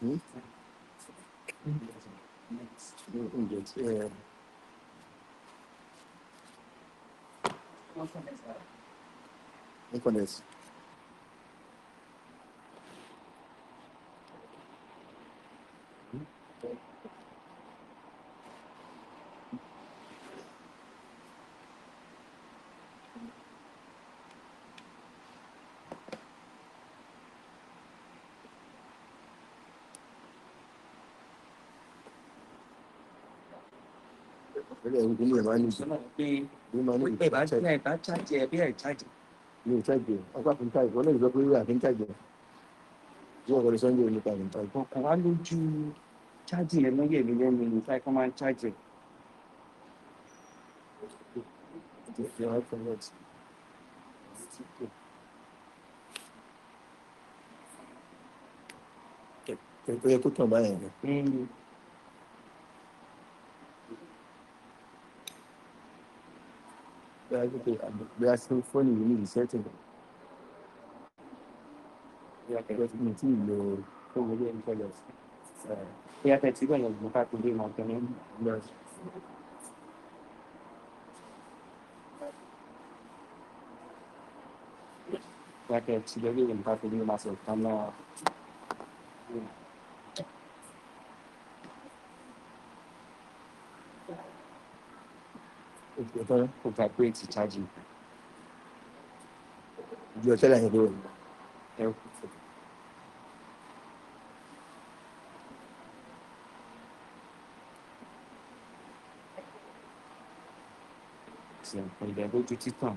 Hum? Um Deus. É. Não conheço. Hum? ẹgbẹ́ ìwé ní ìmọ̀ ní ìmọ̀ ní ìṣẹ́. bí ẹ bá ṣáàjì ẹ bí ẹ ṣáàjì. mi ò ṣáàjì ọgbà fún táì wọn lè sọ pé wíwà kí n ṣáàjì tí wọn kọ lè sọ́njẹ́ nípa ìlú táì. ọkọ̀ wa lójú ṣáàjì yẹn lóye mi lẹ́nu ìlú táì kọ́ máa ń ṣáàjì. ẹ ẹ kó tàn báyẹn. bóyá fóònù yìí ní ìṣẹ́ tẹ̀. mi tí ì lo fóònù ilé ẹni fẹ́lẹ̀ bóyá fẹ́ tí gbọ̀nyẹ̀ ló ká kúndé máa tẹ̀ ní lọ. Bóyá fẹ́ tí gbọ̀nyẹ̀ ló ká kúndé máa sọ̀tàn ọ̀tọ̀ evaporate charge ju ọtọ́ lẹ́yìn kúrò ní ẹ̀kú. to títàn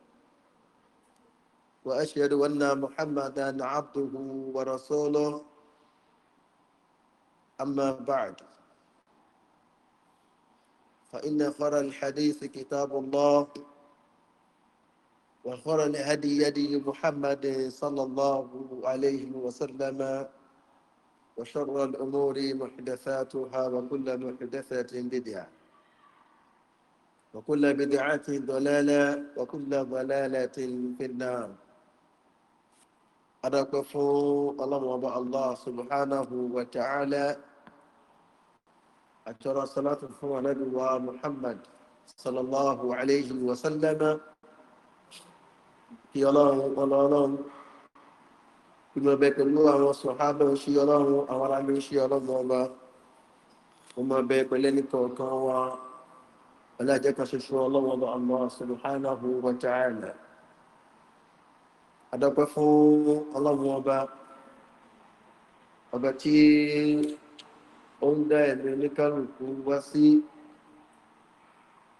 وأشهد أن محمدا عبده ورسوله أما بعد فإن خر الحديث كتاب الله وخر الهدي يدي محمد صلى الله عليه وسلم وشر الأمور محدثاتها وكل محدثة بدعة وكل بدعة ضلالة وكل ضلالة في النار adápẹ́ fún ọlọ́mọba allah subhanahu wa ta'ala àtọ́rọ salatu fún anábíwa muhammad sallallahu alayhi wa sallama kí ọlọ́run ọlọ́run ìmọ̀ bẹ pẹ̀lú àwọn sọ̀hábẹ̀ ń ṣe ọlọ́run àwọn aráàlú ń ṣe ọlọ́run ọba wọ́n máa ẹni kọ̀ọ̀kan wa ọlọ́jẹ́ kan ṣoṣo ọlọ́run allah subhanahu wa ta'ala adọ́pẹ́ fún ọlọ́run ọba ọba tí ó ń dá ẹ̀mí oníkálùkù wá sí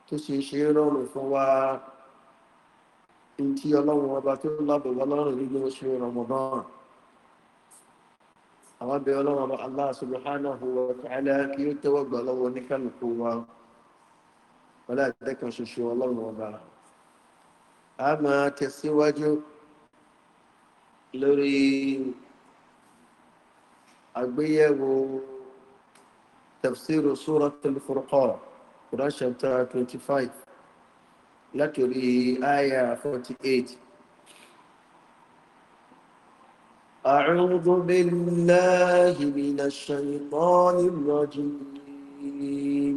tó ṣe ṣe rọrùn fún wa tí ọlọ́run ọba tó lábọ̀ wá lọ́rùn nínú oṣù rọmọdán àwọn abẹ ọlọ́run ọba aláàṣùlùhánàhù ọ̀tàlẹ́ kí ó tẹ́wọ́ gbà lọ́wọ́ oníkálùkù wa wọlé àtẹ́kàn ṣoṣo ọlọ́run ọba a máa tẹ̀síwájú. lórí àgbéyẹ̀wò tafsir suratul furqan quran chapter twenty five látòrí àyà forty eight. أعوذ بالله من الشيطان الرجيم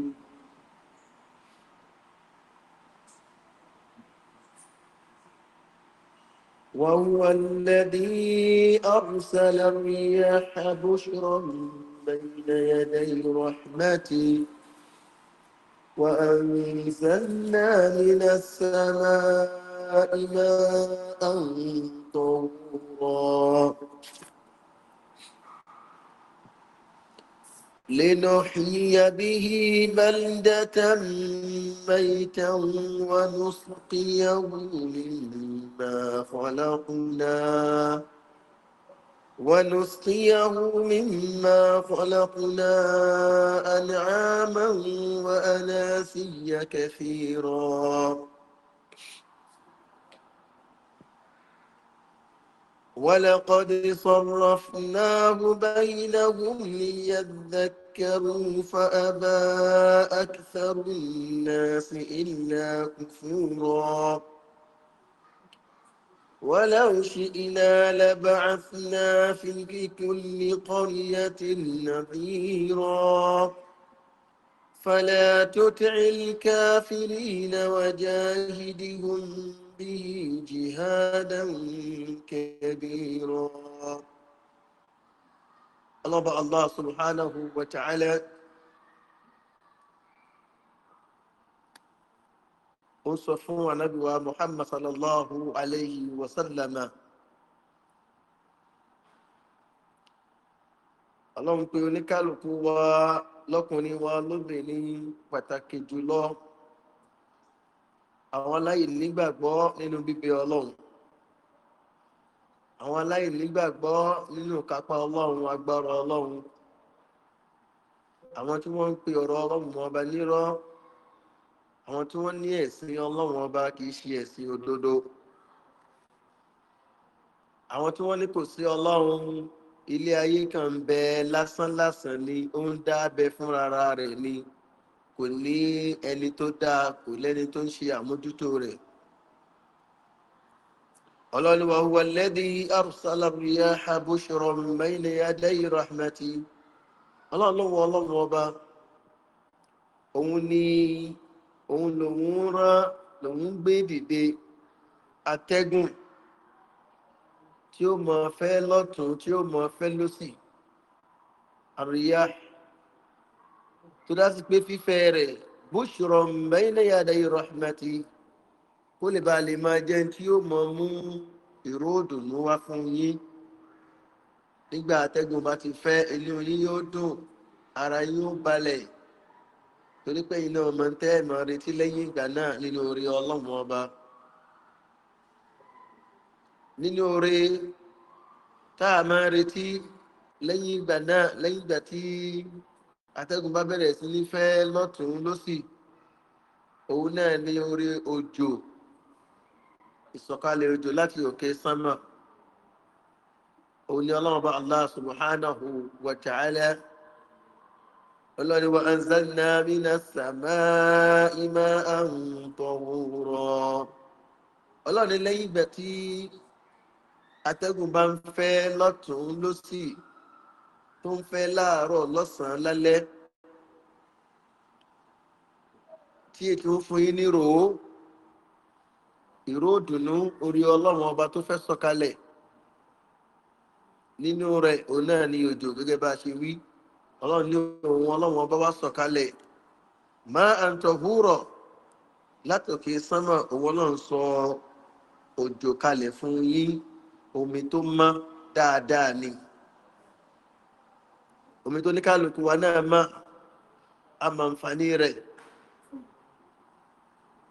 وهو الذي أرسل الرياح بشرا بين يدي رحمتي وأنزلنا من السماء ماء طهورا لنحيي به بلدة ميتا ونسقيه مما خلقنا ونسقيه مما خلقنا أنعاما وأناسيا كثيرا ولقد صرفناه بينهم ليذكروا فأبى أكثر الناس إلا كفورا ولو شئنا لبعثنا في كل قرية نذيرا فلا تطع الكافرين وجاهدهم به جهادا كبيرا الله الله سبحانه وتعالى ó sọ fún anábìwá muhammad sallallahu alayhi wa sallama ọlọ́run pé oníkálukú wa lọ́kùnrin wa lóbìnrin pàtàkì jùlọ àwọn aláìní nígbàgbọ́ nínú bíbẹ ọlọ́run àwọn aláìní nígbàgbọ́ nínú kápá ọlọ́run agbára ọlọ́run àwọn tí wọ́n ń pe ọ̀rọ̀ ọlọ́run ọba nírọ́ àwọn tí wọ́n ní ẹ̀sìn ọlọ́run ọba kì í ṣe ẹ̀sìn òdodo àwọn tí wọ́n ní kò sí ọlọ́run ilé ayé kan ń bẹ lásán lásán ni ó ń dá abẹ fúnra rẹ̀ ni kò ní ẹni tó dáa kò lẹ́ni tó ń ṣe àmójútó rẹ̀ ọlọ́niwà huwa lẹ́dí arsalariya habusoro mẹ́lẹ̀ adẹ́yìn rahmati ọlọ́niwà ọlọ́run ọba òun ni òun lòun rán lòun gbé dìde atẹ́gùn tí ó mọ̀ fẹ́ lọ́tún tí ó mọ̀ fẹ́ lọ́sì àríyá tó dá sí pé fífẹ́ rẹ̀ bó ṣòro mẹ́lẹ́yà dayé rahmati kó lè ba lè máa jẹ́ tí yóò mọ mú ìró òdùnnú wá fún yín nígbà atẹ́gùn bá ti fẹ́ ilé oyin yóò dùn ara yóò balẹ̀ torí pé iná ọmọ tẹ́ ẹ̀ máa retí lẹ́yìn ìgbà náà nínú orí ọlọ́run ọba nínú orí tá a máa retí lẹ́yìn ìgbà náà lẹ́yìn ìgbà tí atẹ́gùn bá bẹ̀rẹ̀ sí ní fẹ́ lọ́tún lọ́sì òun náà ní orí òjò ìsọ̀kalẹ̀ òjò láti òkè sánmà òun ni ọlọ́run bá allah subhanahu wa ta'ala ọlọ́run wa anzalna mina sàmá ima àǹtọ̀wòrọ̀ ọlọ́run lẹ́yìn ìgbà tí atẹ́gùn bá ń fẹ́ lọ́tún lọ́sì. tó ń fẹ́ láàárọ̀ lọ́sàn-án lálẹ́ tí ètò fún yín ní ròó ìró òdùnnú orí ọlọ́run ọba tó fẹ́ sọ̀kalẹ̀ nínú rẹ̀ òun náà ni òjò gẹ́gẹ́ bá a ṣe wí ọlọ́run ní òun ọlọ́run ọba wá sọ̀kalẹ̀ máa àǹtọ̀húrọ̀ látòkè sánmà òun ọlọ́run sọ òjò kalẹ̀ fún yín omi tó omi tó ní kálukú wa náà má a mọ nfààní rẹ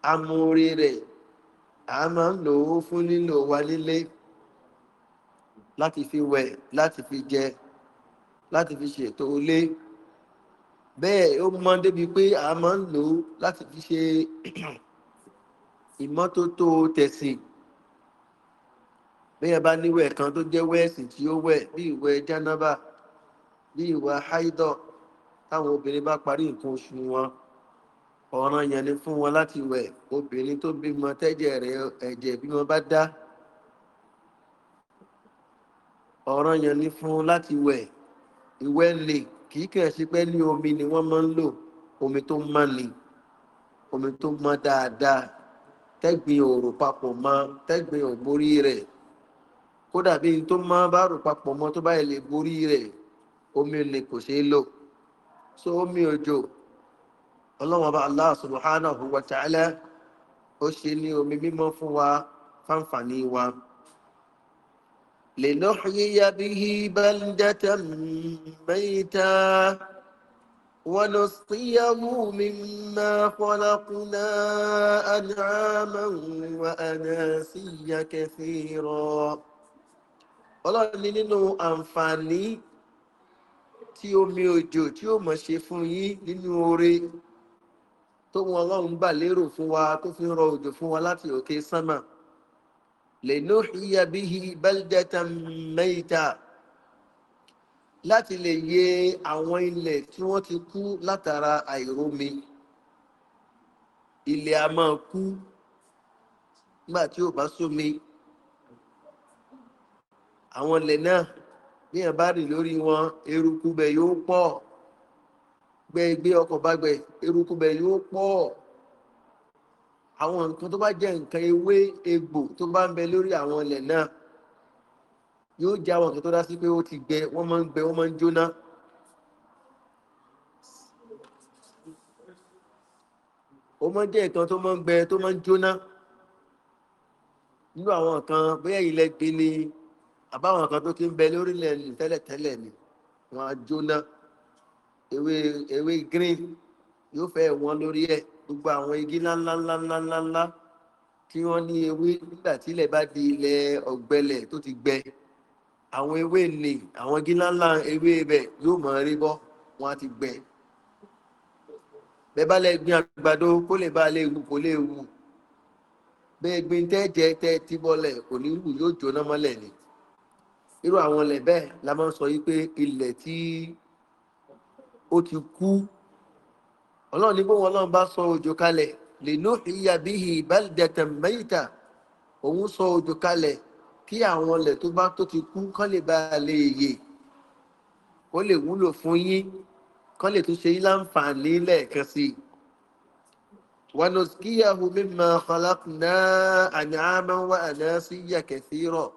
a mọ orí rẹ a máa ń lò ó fún lílo wa nílé láti fi wẹ láti fi jẹ láti fi ṣètò ilé bẹ́ẹ̀ ó mọ débi pé a máa ń lò láti fi ṣe ìmọ́tótó tẹ̀sìn bẹ́ẹ̀ bá níwẹ̀ kan tó jẹ́ wẹ́ẹ̀sì tí ó wẹ̀ bí ìwẹ̀ jánábà bí ìwà haidọ̀ táwọn obìnrin bá parí nǹkan oṣù wọn ọ̀ràn yẹn ni fún wọn láti wẹ̀ obìnrin tó bímọ tẹ́jẹ̀ rẹ̀ ẹ̀jẹ̀ bímọ bá dá ọ̀ràn yẹn ni fún láti wẹ̀ ìwẹ́ lè kì í kẹ̀ sí pé ní omi ni wọ́n máa ń lò omi tó mọ́ ni omi tó mọ́ dáadáa tẹ́gbìn òrò papọ̀ mọ́ tẹ́gbìn òborí rẹ̀ kódà bí n tó mọ́ bá rò papọ̀ mọ́ tó báyìí lè borí rẹ̀ omi ni kò ṣeé lò so omi òjò ọlọ́wọ́n bá allah subhanahu wa ta'ala ó ṣe ní omi mímọ́ fún wa fáǹfààní wa lè náà yíyá bí ونسقيه مما خلقنا أنعاما وأناسيا كثيرا ọlọ́run ní nínú tí omi òjò tí ó mọ̀ ṣe fún yín nínú oore tó wọn ọlọ́run gbà lérò fún wa tó fi ń rọ òjò fún wa láti òkè sánmà lè ní ìyá bẹ́lẹ́dẹ́ta mẹ́ta láti lè yé àwọn ilẹ̀ tí wọ́n ti kú látara àìrómi ilẹ̀ a máa kú nígbà tí ò bá sómi àwọn ilẹ̀ náà bí èèyàn bá rìn lórí wọn eruku bẹ yóò pọ̀ gbẹ gbé ọkọ̀ bá gbẹ eruku bẹ yóò pọ̀ àwọn nǹkan tó bá jẹ́ nǹkan ewé egbò tó bá ń bẹ lórí àwọn ilẹ̀ náà yóò jẹ́ àwọn nǹkan tó dá sí pé ó ti gbẹ wọ́n máa ń gbẹ wọ́n máa ń jóná. ó máa ń jẹ́ nǹkan tó máa ń gbẹ tó máa ń jóná nínú àwọn nǹkan bóyá ilẹ̀ gbé ni àbáwọn kan tó ti ń bẹ lórílẹ̀ tẹ́lẹ̀tẹ́lẹ̀ ni wọ́n á jóná ewé green yóò fẹ́ wọ́n lórí ẹ̀ gbogbo àwọn igi ńláńláńláńláńlá tí wọ́n ní ewé nígbà tí ilẹ̀ bá di ilẹ̀ ọ̀gbẹ́lẹ̀ tó ti gbẹ àwọn ewé ni àwọn igi ńláńlá ewé ibẹ̀ yóò mọ̀ rí bọ́ wọ́n á ti gbẹ bẹ́ẹ̀ bá lẹ gbin àgbàdo kó lè bá lè wù kó lè wù bẹ́ẹ̀ gbin tẹ́ẹ̀jẹ́ tẹ́ẹ̀ tí kò ní wù yóò jóná mọ́lẹ̀ ni irú àwọn ilẹ̀ bẹ́ẹ̀ la máa ń sọ yí pé ilẹ̀ tí ó ti kú ọlọ́run ní bóun ọlọ́run bá sọ òjò kalẹ̀ lè nú ìyàbíhì ìbálòdẹ̀tẹ̀ mẹ́yìtà òun sọ òjò kalẹ̀ kí àwọn ilẹ̀ tó bá tó ti kú kán lè ba lè yè kó lè wúlò fún yín kán lè tún ṣe yín láǹfààní lẹ́ẹ̀kan sí i. wọnà kíyàwó mímọ kọlákùnà àná àmọ́ wà àná sí yàkẹ́sí rọ̀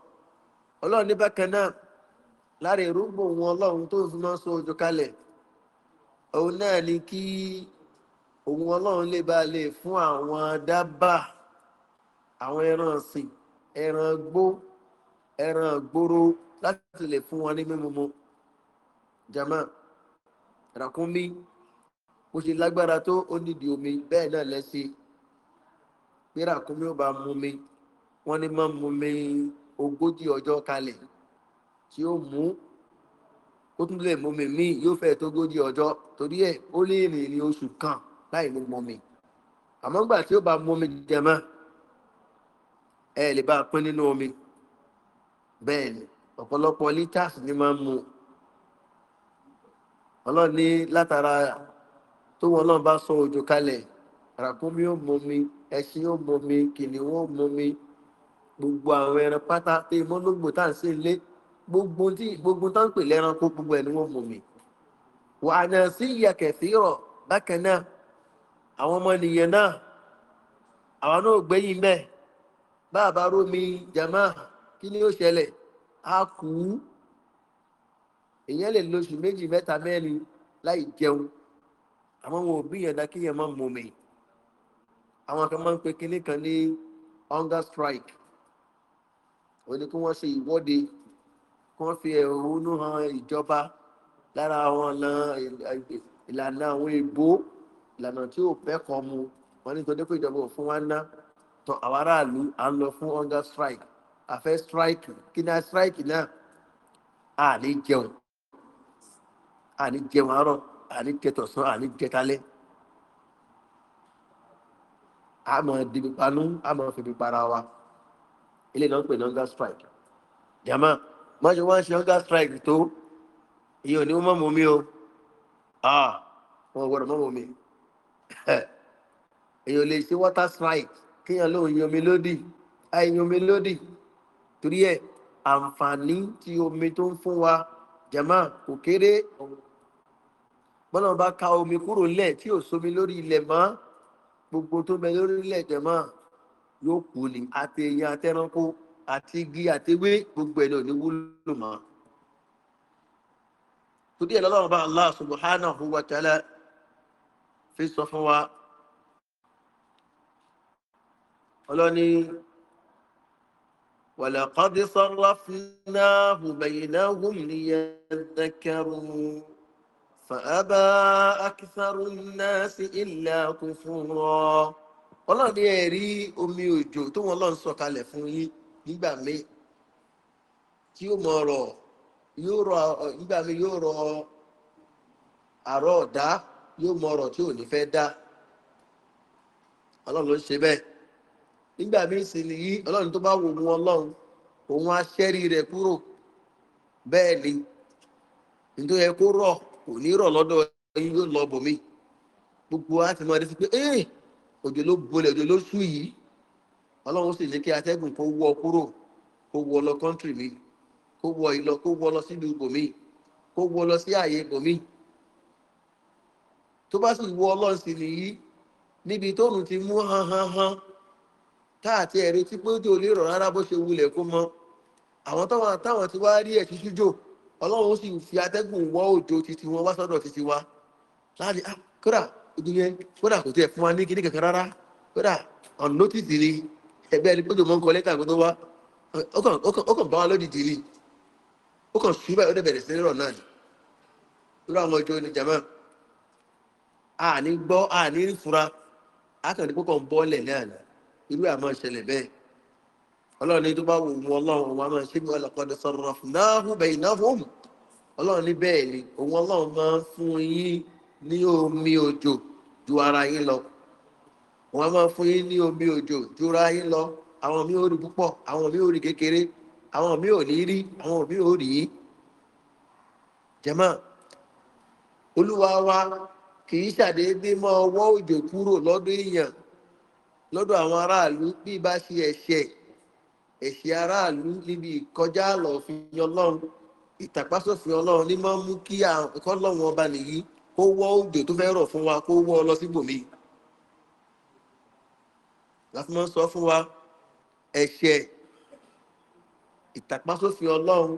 ọlọ́run ní bákan náà lára èròǹgbò wọn ọlọ́run tó fi máa ń so ojú kalẹ̀ òun náà ni kí òun ọlọ́run lè ba lè fún àwọn dábà àwọn ẹran ọ̀sìn ẹran gbó ẹran gbòòrò láti lè fún wọn ní mímumu jama ràkúnmí bó ṣe lágbára tó ó nídìí omi bẹ́ẹ̀ náà lẹ́sìn pé ràkúnmí ó bá mumi wọ́n ní má mumi ogójì ọjọ́ kalẹ̀ tí ó mú ó tún lè mọ́mi míì yóò fẹ́ tógójì ọjọ́ torí ẹ̀ ó lè rìn ní oṣù kan láì ní mọ́mi àmọ́ gbà tí ó bá mọ́mi jẹmọ́ ẹ lè bá pín nínú omi bẹ́ẹ̀ ni ọ̀pọ̀lọpọ̀ litres ni máa ń mu ọlọ́run ní látara tó wọn náà bá sọ òjò kalẹ̀ ràkúnmí ó mọ́mi ẹṣin ó mọ́mi kìnìún ó mọ́mi gbogbo àwọn ẹran pátá pé mọ́lógbò tá à ń ṣe lé gbogbo tí gbogbo tó ń pè lẹ́ranko gbogbo ẹ̀ ni wọ́n mú mi. wà á nà sí ìyàkẹ̀ sí rọ̀ bákan náà àwọn ọmọ nìyẹn náà àwọn náà gbẹ́yìn bẹ́ẹ̀ bá a bá rómi jama kí ni ó ṣẹlẹ̀ á kú èèyàn lè lo oṣù méjì mẹ́ta mẹ́rin láì jẹun àmọ́ wọn ò bí yẹn dá kí yẹn má mú mi àwọn kan máa ń pe kinní kan ní hunger strike òun ni kí wọ́n ṣe ìwọ́de kí wọ́n fi ẹ̀hónú han ìjọba lára àwọn ìlànà àwọn èbó ìlànà tí ò fẹ́ kọ́ mu wọ́n ní tọ́jú pé ìjọba ò fún wa ná tọ àwọn aráàlú à ń lọ fún hunger strike àfẹ́ strike kí ni strike náà à ní jẹun à ní jẹun àárọ̀ à ní jẹtọ̀sán à ní jẹtalẹ́ àmọ̀ dìbìpanú àmọ̀ fìbìpara wa ilé náà ń pè ní hunger strike jama má ṣe wọ́n ṣe hunger strike tó iye òní mọ́ ah, mọ́ mi o wọn gbọ́dọ̀ mọ́ mọ́ mi èyàn lè ṣe water strike kéèyàn lóun yin omi lódì àìyin omi lódì torí ẹ àǹfààní ti omi tó ń fún wa jama kò kéré bọ́lá bá ka omi kúrò lẹ̀ tí ò sómi lórí ilẹ̀ mọ́ gbogbo tó bẹ lórí ilẹ̀ jama yóò kú ni àti ẹyìn àtẹranko àti igi àtẹwé gbogbo ẹ̀ náà ní wúlò mọ́. torí ẹ̀ lọ́lọ́run bá allah subhanahu wa ta'ala fi sọ fún wa ọlọ́ni wàlàkọ́dé sọ́rọ́ fúnná hùbẹ̀yìnà hùmìnìyà dẹ́kẹ̀rù fàábà akísàrù náà sí ilẹ̀ kúfúrọ́. ọlọ́run ní ẹ̀rí omi òjò tó wọn lọ́n sọ kalẹ̀ fún yín nígbà tí yóò mọ ọrọ̀ yóò rọ nígbà yóò rọ àrọ̀ ọ̀dá yóò mọ ọrọ̀ tí ò ní fẹ́ dá ọlọ́run ló ń ṣe bẹ́ẹ̀ nígbà sì nìyí ọlọ́run ni nítorí ẹ kó rọ̀ rọ̀ lọ́dọ̀ gbogbo pé òjò ló bolẹ̀ òjò ló sú yìí ọlọ́run sì ní kí atẹ́gùn kó wọ kúrò kó wọ lọ kọ́ńtì mi kó wọ ìlọ kó wọ lọ síbi ibòmí kó wọ lọ sí ààyè ibòmí tó bá sì wọ ọlọ́run sì nìyí níbi tóòrùn ti mú han han han táàtì ẹ̀rí tí pé òjò lè rọ̀ rárá bó ṣe wulẹ̀ kó mọ́ àwọn táwọn ti wá rí ẹ̀ ṣíṣú jò ọlọ́run sì fi atẹ́gùn wọ òjò titi wọn wá sọ́dọ̀ titi wa láti ah, kódà e. kódà kò tiẹ̀ fún wa ní kíní kankan rárá kódà ọ̀n nótìsì ni ẹgbẹ́ ẹni gbọ́dọ̀ mọ́ ń kọ lẹ́tà gbọ́dọ̀ wá ó kàn bá wa ó kàn sùn báyìí ó sí rọ̀ ni lórí àwọn ni jama fura ń bọ́ lẹ̀ náà ni irú ṣẹlẹ̀ bẹ́ẹ̀ ọlọ́run ní tó bá wù ní omi òjò ju ara yín lọ wọn máa fún yín ní omi òjò ju ara yín lọ àwọn mi ò rí púpọ̀ àwọn mi ò rí kékeré àwọn mi ò ní rí àwọn mi ò rí jẹmọ olúwa wa kì í ṣàdédé mọ ọwọ́ òjò kúrò lọ́dọ̀ èèyàn lọ́dọ̀ àwọn aráàlú bí bá ṣe ẹ̀ṣẹ̀ ẹ̀ṣẹ̀ aráàlú níbi ìkọjá àlọ́fin ọlọ́run ìtàpásòfin ọlọ́run ní máa ń mú kí ọlọ́run ọba nìyí kó wọ́ òjò tó fẹ́ rọ̀ fún wa kó wọ́ ọ lọ síbòmí láti máa ń sọ fún wa ẹ̀ṣẹ̀ ìtàpásófin ọlọ́run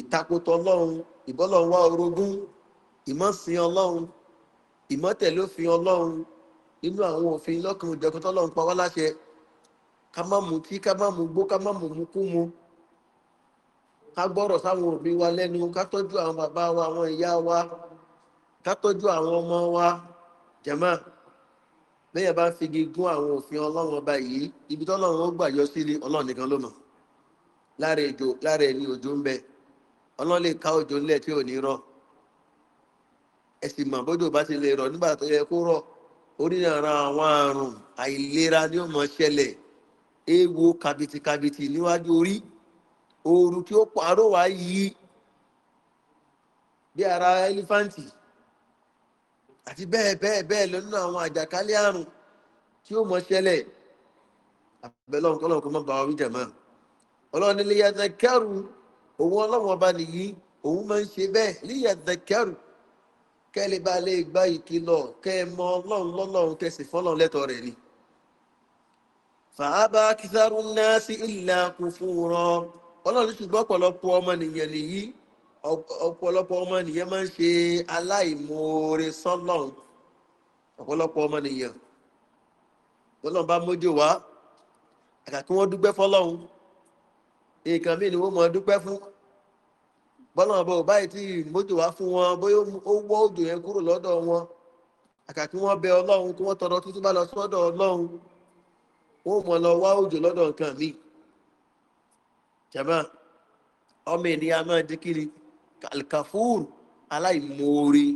ìtakòtò ọlọ́run ìbọ́lọ́run wá orogún ìmọ̀sìn ọlọ́run ìmọ̀tẹ̀lé òfin ọlọ́run nínú àwọn òfin lọ́kàn ìjọkọ̀ tọ́lọ́run pa wá láṣẹ ká má mú tí ká má mú gbó ká má mú kú mu ká gbọ́rọ̀ sáwọn òbí wa lẹ́nu ká tọ́jú àwọn bàbá wa àwọn ìyá wa kátọ́jú àwọn ọmọ wa jẹ̀mọ́ lẹ́yìn bá figi gún àwọn òfin ọlọ́run ọba yìí ibi tọ́lọ́run ó gbà yọ sílé ọlọ́run nìkan ló mọ̀ lára èjò lára ẹni òjò ń bẹ ọlọ́run lè ká òjò ńlẹ̀ tí ò ní rọ ẹ mọ̀ bójú bá ti lè rọ nígbà tó yẹ kó rọ oríran àwọn àrùn àìlera ni ó mọ̀ ṣẹlẹ̀ ewo kàbìtìkàbìtì níwájú orí ooru tí ó pààrọ̀ wá yí bí ara ẹlífáǹtì àti bẹ́ẹ̀ bẹ́ẹ̀ bẹ́ẹ̀ lọ nínú àwọn àjàkálẹ̀ àrùn tí ó mọ ṣẹlẹ̀ àbẹ̀lọ́run kọ́lọ́run kó má bá wa wí jàmá ọlọ́run nílé yàtọ̀ kẹrù òun ọlọ́run ọba nìyí òun máa ń ṣe bẹ́ẹ̀ níyàtọ̀ kẹrù kẹ́lẹ́ bá lè gbá ìkìlọ̀ kẹ́ ẹ mọ ọlọ́run lọ́lọ́run kẹsì fọ́lọ́run lẹ́tọ̀ọ́ rẹ̀ ni. fàábà kìsàrún náà sí ìlà kò fún un rọ ọlọ́run ṣùgbọ́n ọ̀pọ̀lọpọ̀ ọmọ nìyẹn nìyí ọ̀pọ̀lọpọ̀ ọmọ nìyẹn máa ń ṣe aláìmoore sọ́lọ́n ọ̀pọ̀lọpọ̀ ọmọ nìyẹn tọ́lọ́n bá mójú wá àgbà kí wọ́n dúpẹ́ fọ́lọ́hún nǹkan míì ni wọ́n mọ̀ dúpẹ́ fún bọ́lọ́n bọ̀ báyìí tí mójú wá fún wọn bóyá ó wọ́ òdò yẹn kúrò lọ́dọ̀ wọn àgbà kí wọ́n bẹ ọlọ́run kí wọ́n tọrọ tuntun bá lọ sọ́dọ̀ ọlọ́run wọ́n mọ̀ lọ wá òjò lọ́dọ̀ nǹkan míì jàmbá ọmọ ènìyàn máa di kiri alkafur aláìmoore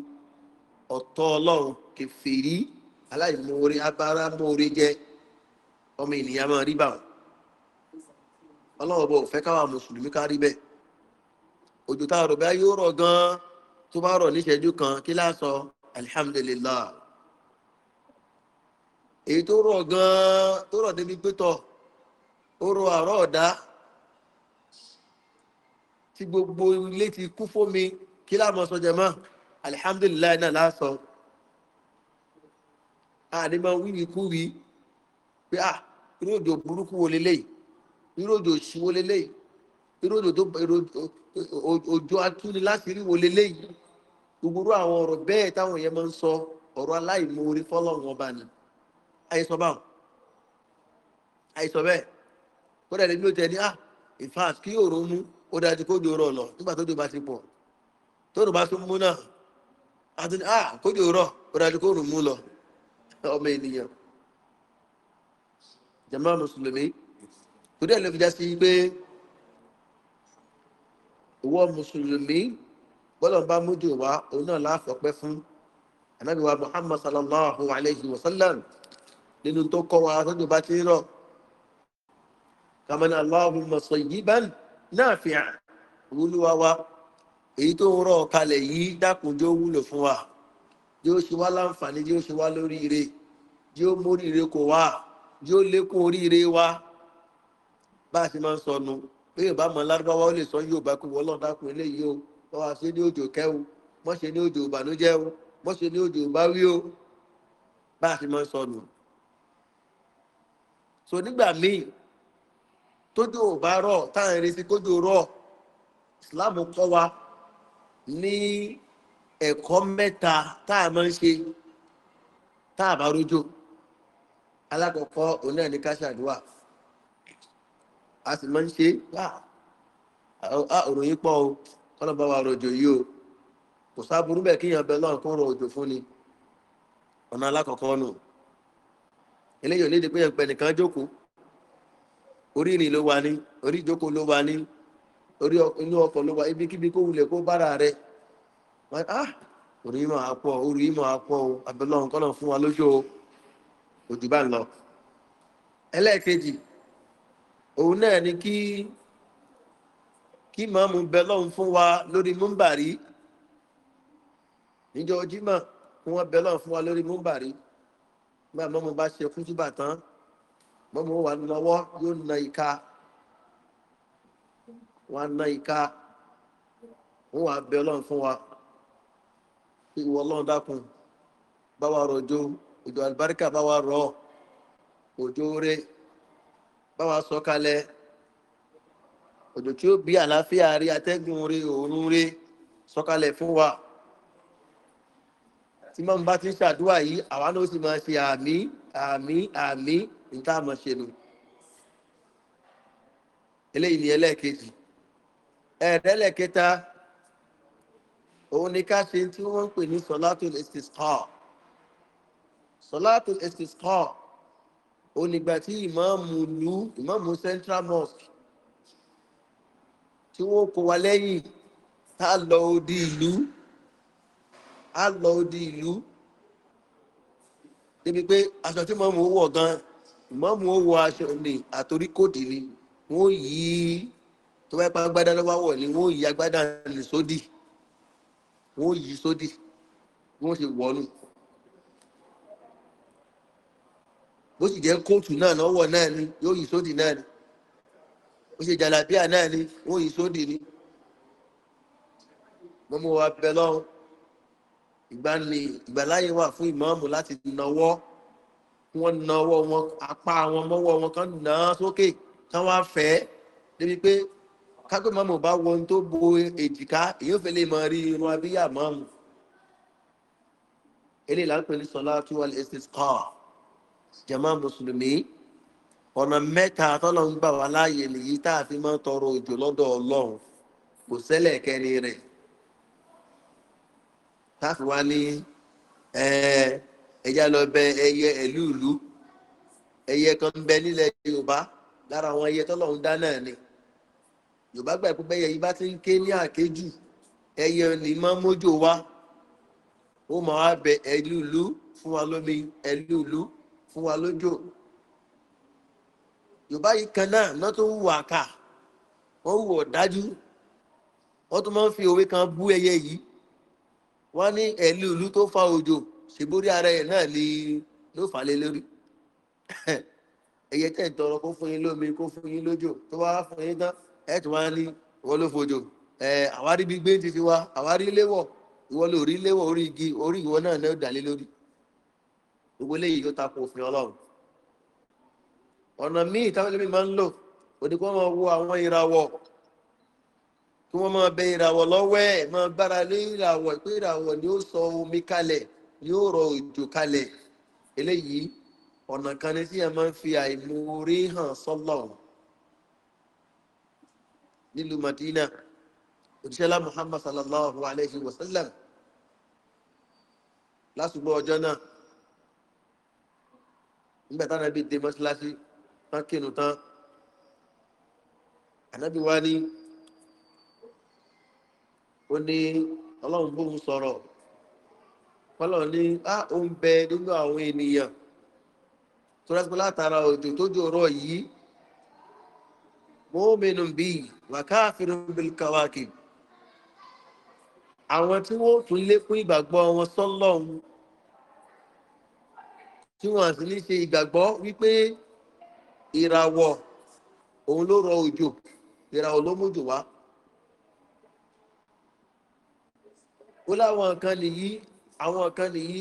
ọ̀tọ́ ọlọ́run kẹfẹ́rí aláìmoore abáramóore jẹ ọmọ ènìyàn máa rí báwọn ọlọ́run bọ̀ fẹ́ káwa mùsùlùmí ká rí bẹ́ẹ̀ òjò tá a rọ̀ bá yóò rọ̀ gan-an tó bá rọ̀ níṣẹ́jú kan kí láàsọ alihamudulilayi èyí tó rọ̀ gan-an tó rọ̀ débi pé ó rọ̀ àárọ̀ ọ̀dá tí gbogbo ilé ti kú fómi kí láàmú sọjọ mọ alihamdulilayi náà lásọ àní máa wí ní kú wí pé à ah, irú òjò burúkú wo leléyìí irú òjò sí wo leléyìí irú òjò tó òjò atúni láti rí wo leléyìí gbogbo àwọn ọ̀rọ̀ bẹ́ẹ̀ táwọn yẹn máa ń sọ ọ̀rọ̀ aláìmoore fọlọ́run ọba ni àìsàn báwọn àìsàn bẹ́ẹ̀ kódà ẹni ló tẹ ní à ah, in kí yóò ronú ó dájú kó jò rọ̀ lọ nígbà tó jò bá ti pọ̀ tó rò bá tún mú náà àti ní ah kó jò rọ̀ ó dájú kó rùn mú lọ ọmọ ènìyàn jama mùsùlùmí kò dé ẹ̀lẹ́fìjà sí pé ìwọ mùsùlùmí bọ́lọ̀ bá mójú wa òun náà láàfọ̀pẹ́ fún ànábì wa muhammad sallallahu alayhi wa sallam nínú tó kọ́ wa tó jò bá ti rọ̀ kàmánà allahumma sayyiban náà fi hàn wúlúwa wa èyí tó ń rọ kalẹ̀ yìí dákunjó wúlò fún wa yóò ṣe wá láǹfààní yóò ṣe wá lóríire yóò móríire kò wá yóò lékún oríire wa bá a ṣe máa ń sọnu pé yorùbá mọ lárúbáwá ó lè sọ yorùbá pé wọ́n lọ́ọ́ dákun eléyìí o wọ́n ṣe ní òjò kẹ́wò wọ́n ṣe ní òjò ìbànújẹ́ o wọ́n ṣe ní òjò ìbáwí o bá a ṣe máa ń sọnu. so nígbà míì tójò ò bá rọ̀ táà ń retí kójò rọ̀ islam kọ́ wa ní ẹ̀kọ́ mẹ́ta táà máa ń ṣe táà bá rójò alákọ̀ọ́kọ́ òun náà ní ká ṣàdúrà a sì máa ń ṣe a òròyìn pọ̀ o kọ́nà bá wa rọ̀jò yìí o kò sáburú bẹ́ẹ̀ kíyàn bẹ lọ́run kó rọ òjò fún ni ọ̀nà alákọ̀ọ́kọ́ nù eléyìí ò ní di pé ẹ̀pẹ̀ nìkan jókòó orí ìrìn ló wà ní orí ìjókòó ló wà ní orí inú ọkọ̀ ló wà ibikíbi kó wulẹ̀ kó bára rẹ̀ ah, orí ìmọ̀ àpọ̀ orí ìmọ̀ àpọ̀ abẹ́lọ́ nǹkan náà fún wa lójú òjò bá ń lọ ẹlẹ́ẹ̀kejì ni kí kí màmú bẹ́lọ́n fún wa lórí múmbàrí níjọ jímọ̀ kí wọ́n bẹ́lọ́n fún wa lórí múmbàrí bá bọ́mọ wà lọ́wọ́ yóò na ìka wọn na ìka wọn wà bẹ ọlọ́run fún wa ìwọ ọlọ́run dákun bá wa rọjò òjò àlùbáríkà bá wa rọ òjò rẹ bá wa sọ kalẹ̀ òjò tí ó bí àlàáfíà rí atẹ́gùn rí òórùn rí sọ́kalẹ̀ fún wa tí mọ́mú bá ti ń ṣàdúrà yìí àwa náà sì máa ṣe àmì àmì àmì níta àmọ́ ṣe nu eléyìí ni ẹlẹ́ẹ̀kejì ẹ̀rẹ́ ẹlẹ́ẹ̀kẹta òun ni ká ṣe tí wọ́n ń pè ní sọ́látò ẹ̀sìtìsọ́ sọ́látò ẹ̀sìtìsọ́ òun nígbà tí ìmọ̀ọ́mù lu ìmọ̀ọ́mù central mosque tí wọ́n kó wa lẹ́yìn tá a lọ odi ìlú a lọ odi ìlú débi pé aṣọ tí mọ̀ọ́mù wọ̀ gan-an ìmọ̀mù ó wọ aṣọ ni àtòrí kòdì ni wọ́n yí tó bá pa agbádá lọ́wọ́ wọ̀ ni wọ́n yí agbádá lè sódì wọ́n yí sódì wọ́n ṣe wọ̀nù. bó sì jẹ́ kóòtù náà lọ́wọ́ náà ni yóò yí sódì náà ni bó ṣe jàlábíà náà ni wọ́n yí sódì ni. mo wa bẹ lọ́wọ́ ìgbàlè ìgbàláyé wà fún ìmọ̀ọ́mù láti nawọ́ wọ́n na ọwọ́ wọn apá wọn mọ́wọ́ wọn kan nà án sókè kán wá fẹ́ débi pé kápẹ́ mọ́mọ́ bá wọ ohun tó bo èjìká èyí ò fẹ́ lè mọ rí irun abíyá mọ́mù eléyìí là ní sọlá tí wọ́n lè ṣe kọ́ jẹ̀mọ́ mùsùlùmí ọ̀nà mẹ́ta tọ́lọ̀ ń gbà wá láàyè nìyí tá a fi máa tọrọ òjò lọ́dọ̀ ọlọ́run kò sẹ́lẹ̀ kẹ́ni rẹ̀ táfi wá ní ẹ̀ẹ́ ẹja lọ bẹ ẹyẹ ẹlú ìlú ẹyẹ kan bẹ nílẹ̀ yorùbá lára àwọn ẹyẹ tọ́lọ́run dá náà ni yorùbá gbà pé bẹ́yẹ yìí bá ti ń ké ní àkéjù ẹyẹ ni máa mójó wa ó máa wá bẹ ẹlú ìlú fún wa lómi ẹlú ìlú fún wa lójó yorùbá yìí kan náà náà tó wù àkà wọ́n wù ọ̀dájú wọ́n tún máa ń fi òwe kan bú ẹyẹ yìí wọ́n ní ẹ̀lú ìlú tó fa òjò ṣègbórí ara naa náà lè ló fà lé lórí ẹ̀yẹ tẹ̀ ń tọrọ kó fún yín lómi kó fún yín lójò tó wá fún yín tán ẹ, ní ló fojò àwárí wa àwárí léwọ̀ ìwọ ló rí léwọ̀ orí igi orí ìwọ náà náà dàlé lórí gbogbo eléyìí yóò takò òfin ọlọ́run ọ̀nà míì táwọn ẹlẹ́mìí máa ń lò kí wọ́n máa wo àwọn ìràwọ̀ kí wọ́n máa omi kalẹ̀ yóò rọ òjò kalẹ̀ eléyìí ọ̀nà kan ní tí a máa ń fi àìmoore hàn sọ́lọ̀ nílùú madina òjíṣẹ́lá muhammad sallallahu alayhi wa sallam lásùgbọ́ ọjọ́ náà nígbà táwọn ẹbí dé mọ́ṣáláṣí tán kínú tán ànábì wá ní ó ní ọlọ́run bóun sọ̀rọ̀ fọlọ́ ní á ó ń bẹ nínú àwọn ènìyàn tó rẹ́sìpọ̀ látara òjò tó jòrọ̀ yìí mọ́mìnú bí wàkáàfin bilkawaki àwọn tí wọ́n tún lékún ìgbàgbọ́ wọn sọ́lọ́hun tí wọ́n sì ní ṣe ìgbàgbọ́ wípé ìràwọ̀ òun ló rọ òjò ìràwọ̀ ló mójò wá ó láwọn kan nìyí àwọn kan nìyí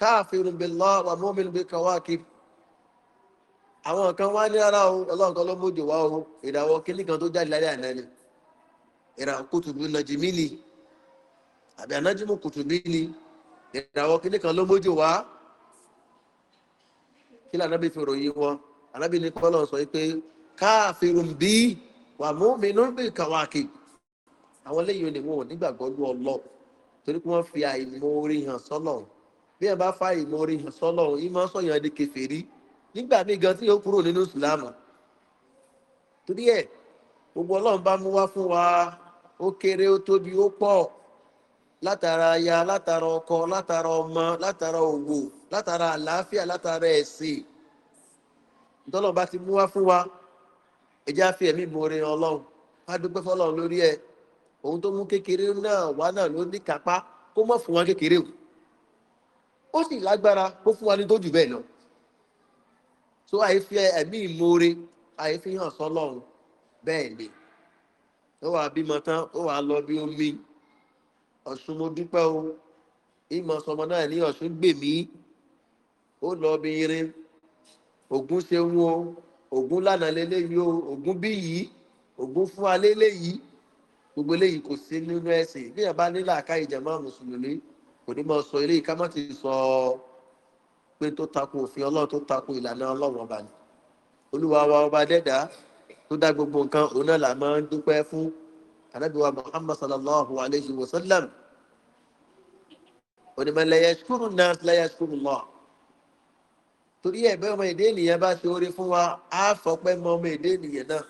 káàfin bẹ̀lá wà mọ́mìn bí kan wá kí àwọn kan wá ní ara o ọlọ́run kan ló mójú wá o ìràwọ̀ kíní kan tó jáde láyé àná ni ìràwọ̀ kùtùbí lọ́jì mí ni àbí anájúmù kùtùbí ni ìràwọ̀ kíní kan ló mójú wá kí lànàbí fi ròyìn wọn ànábì ní kọ́lọ̀ sọ pé káàfin bí wà mọ́mìn bí kan wá kí àwọn eléyìí ò wọn ò nígbàgbọ́ lú ọlọ́run torí pé wọ́n fi àìmoore hàn sọ́lọ̀ bí wọ́n bá fa àìmoore hàn sọ́lọ̀ yìí máa ń sọ̀yàn di kẹfẹ́rí nígbà míì gan tí yóò kúrò nínú ìsìlámù torí ẹ̀ gbogbo ọlọ́run bá mú wá fún wa ó kéré ó tóbi ó pọ̀ látara aya látara ọkọ látara ọmọ látara òwò látara àlàáfíà látara ẹ̀sìn ìtọ́lọ́ bá ti mú wá fún wa ẹ̀jẹ̀ á fi ẹ̀mí ìmoore ọlọ́run á dúpẹ́ fọlọ́run lórí ẹ̀ òun tó mú kékeré náà wá náà ló ní kápá kó mọ̀ fún wa kékeré o ó sì lágbára kó fún wa ní tó jù bẹ́ẹ̀ lọ so àyèfi ẹ̀mí ìmoore àyèfi hàn sọlọ́run bẹ́ẹ̀ ni ó wàá bímọ tán ó wàá lọ bí omi ọ̀sùn mo dúpẹ́ o ìmọ̀ sọmọ náà ní ọ̀sùn gbèmí ó lọ bí irin ògún ṣeun o ògún lánàá lélẹ́yìí o ògún bí yìí ògún fún wa lélẹ́yìí gbogbo eléyìí kò sí nínú ẹ̀sìn bí yàrá bá nílà ká ìjàmbá mùsùlùmí kò ní máa sọ eléyìí ká má ti sọ pé tó tako òfin ọlọ́run tó tako ìlànà ọlọ́run ọba ni olúwa wa ọba dẹ́dà tó dá gbogbo nǹkan òun náà là máa ń dúpẹ́ fún anábìwá muhammad sallallahu alayhi wa sallam onímọ̀lẹ́yẹ ṣùkúrù náà lẹ́yẹ ṣùkúrù lọ torí ẹ̀ bẹ́ẹ̀ ọmọ èdè ènìyàn bá ṣe oore fún wa á fọpẹ́ mọ ọmọ èdè ènìyàn náà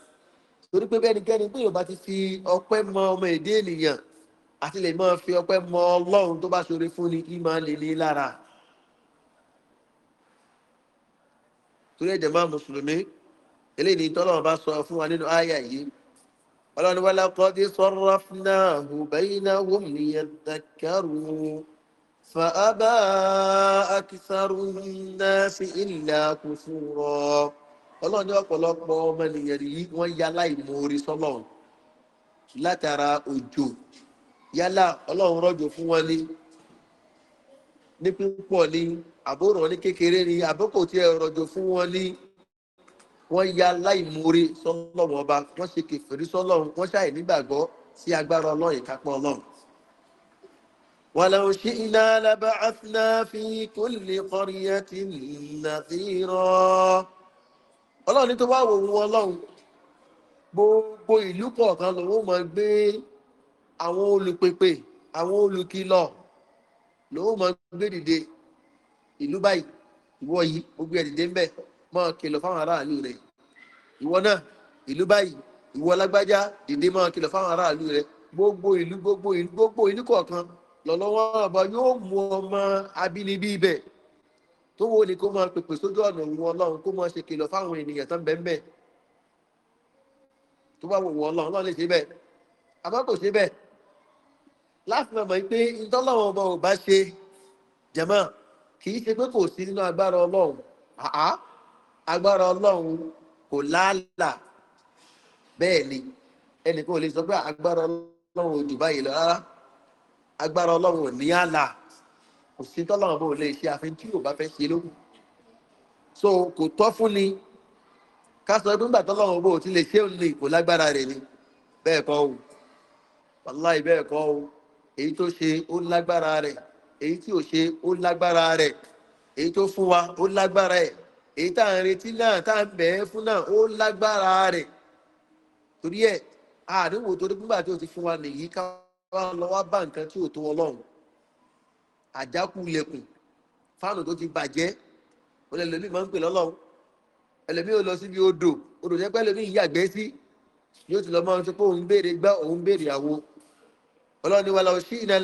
torí pé bẹ́nikẹ́ni pé yorùbá ti fi ọpẹ́ mọ ọmọ èdè ènìyàn àti lè máa fi ọpẹ́ mọ ọlọ́run tó bá ṣoore fún ni kí máa lè ní lára torí ẹ̀jẹ̀ máa mùsùlùmí eléyìí ni bá sọ fún wa nínú àyà yìí ọlọ́run wọlé ọkọ̀ sọ́rọ́ fúnà hùbẹ́yìn náà wò ní ẹ̀dàkẹ́rù fàábà akísàrù náà sí ìlà kùfù ọlọ́run ní ọ̀pọ̀lọpọ̀ ọmọnìyàn yìí wọ́n yálà ìmoore sọ́lọ́run látara òjò yálà ọlọ́run rọ́jò fún wọn ní ní pípọ̀ ní àbóràn ní kékeré ní àbókò tí ẹ rọ̀jò fún wọn ní wọ́n ya láìmoore sọ́lọ́run ọba wọ́n ṣe kẹfẹ́rí sọ́lọ́run wọ́n ṣàì nígbàgbọ́ sí agbára ọlọ́run ìkápọ̀ ọlọ́run. ولو شئنا لبعثنا في كل قرية نذيرا ọlọ́run ní tó bá wo ohun ọlọ́run gbogbo ìlú kọ̀ọ̀kan lòun mọ̀ gbé àwọn olùpèpè àwọn olùkìlọ̀ lòun mọ̀ gbé dìde ìlú báyìí ìwọ yìí gbogbo ẹ̀ dìde ń bẹ̀ mọ́ kìlọ̀ fáwọn aráàlú rẹ̀ ìwọ náà ìlú báyìí ìwọ lágbájá dìde mọ́ kìlọ̀ fáwọn aráàlú rẹ̀ gbogbo ìlú gbogbo ìlú gbogbo ìlú kọ̀ọ̀kan lọ́lọ́wọ́ àbá yóò mú ọmọ abínibí ibẹ̀ tó wo ni kó máa pèpè sójú ọ̀nà òun ọlọ́run kó máa ṣe kìlọ̀ fáwọn ènìyàn tán bẹ́ẹ̀ tó bá wò wọ́n ọlọ́run lọ́run lè ṣe bẹ́ẹ̀ àmọ́ kò ṣe bẹ́ẹ̀ láti mọ̀ mọ̀ pé ìtọ́lọ́wọ́n ọba ò bá ṣe jẹ̀mọ́ kì í ṣe pé kò sí nínú agbára ọlọ́run àá agbára ọlọ́run kò láàlà bẹ́ẹ̀ ni ẹnìkan ò lè sọ pé agbára ọlọ́run ò jù báyìí lọ rárá agbára ọlọ́run ò ní àlà kò sí tọ́lọ́run bó lè ṣe àfihàn tí yóò bá fẹ́ ṣe lókun so kò tọ́ fún ni ká sọ nígbà tọ́lọ́run bó ti lè ṣe òun ní ìkó lágbára rẹ̀ ni bẹ́ẹ̀ kọ́ o wàláì bẹ́ẹ̀ kọ́ o èyí tó ṣe ó lágbára rẹ̀ èyí tí ò ṣe ó lágbára rẹ̀ èyí tó fún wa ó lágbára ẹ̀ èyí tá à ń retí náà tá à ń bẹ̀ẹ́ fún náà ó lágbára rẹ̀ torí ẹ̀ àdéhùn torí nígbà tí o ti fún wa nìyí ká wá lọ wá bá nǹkan tí ò tó ọlọ́run àjákù ilẹ̀kùn fáànù tó ti bàjẹ́ ó lè lómi máa ń pè lọ́lọ́run ẹlòmí ò lọ síbi odò odò jẹ́ pé ẹlòmí yàgbẹ́ sí yóò ti lọ máa ń sọ pé òun béèrè gbá òun béèrè àwo ọlọ́ni wa làwọn sí iná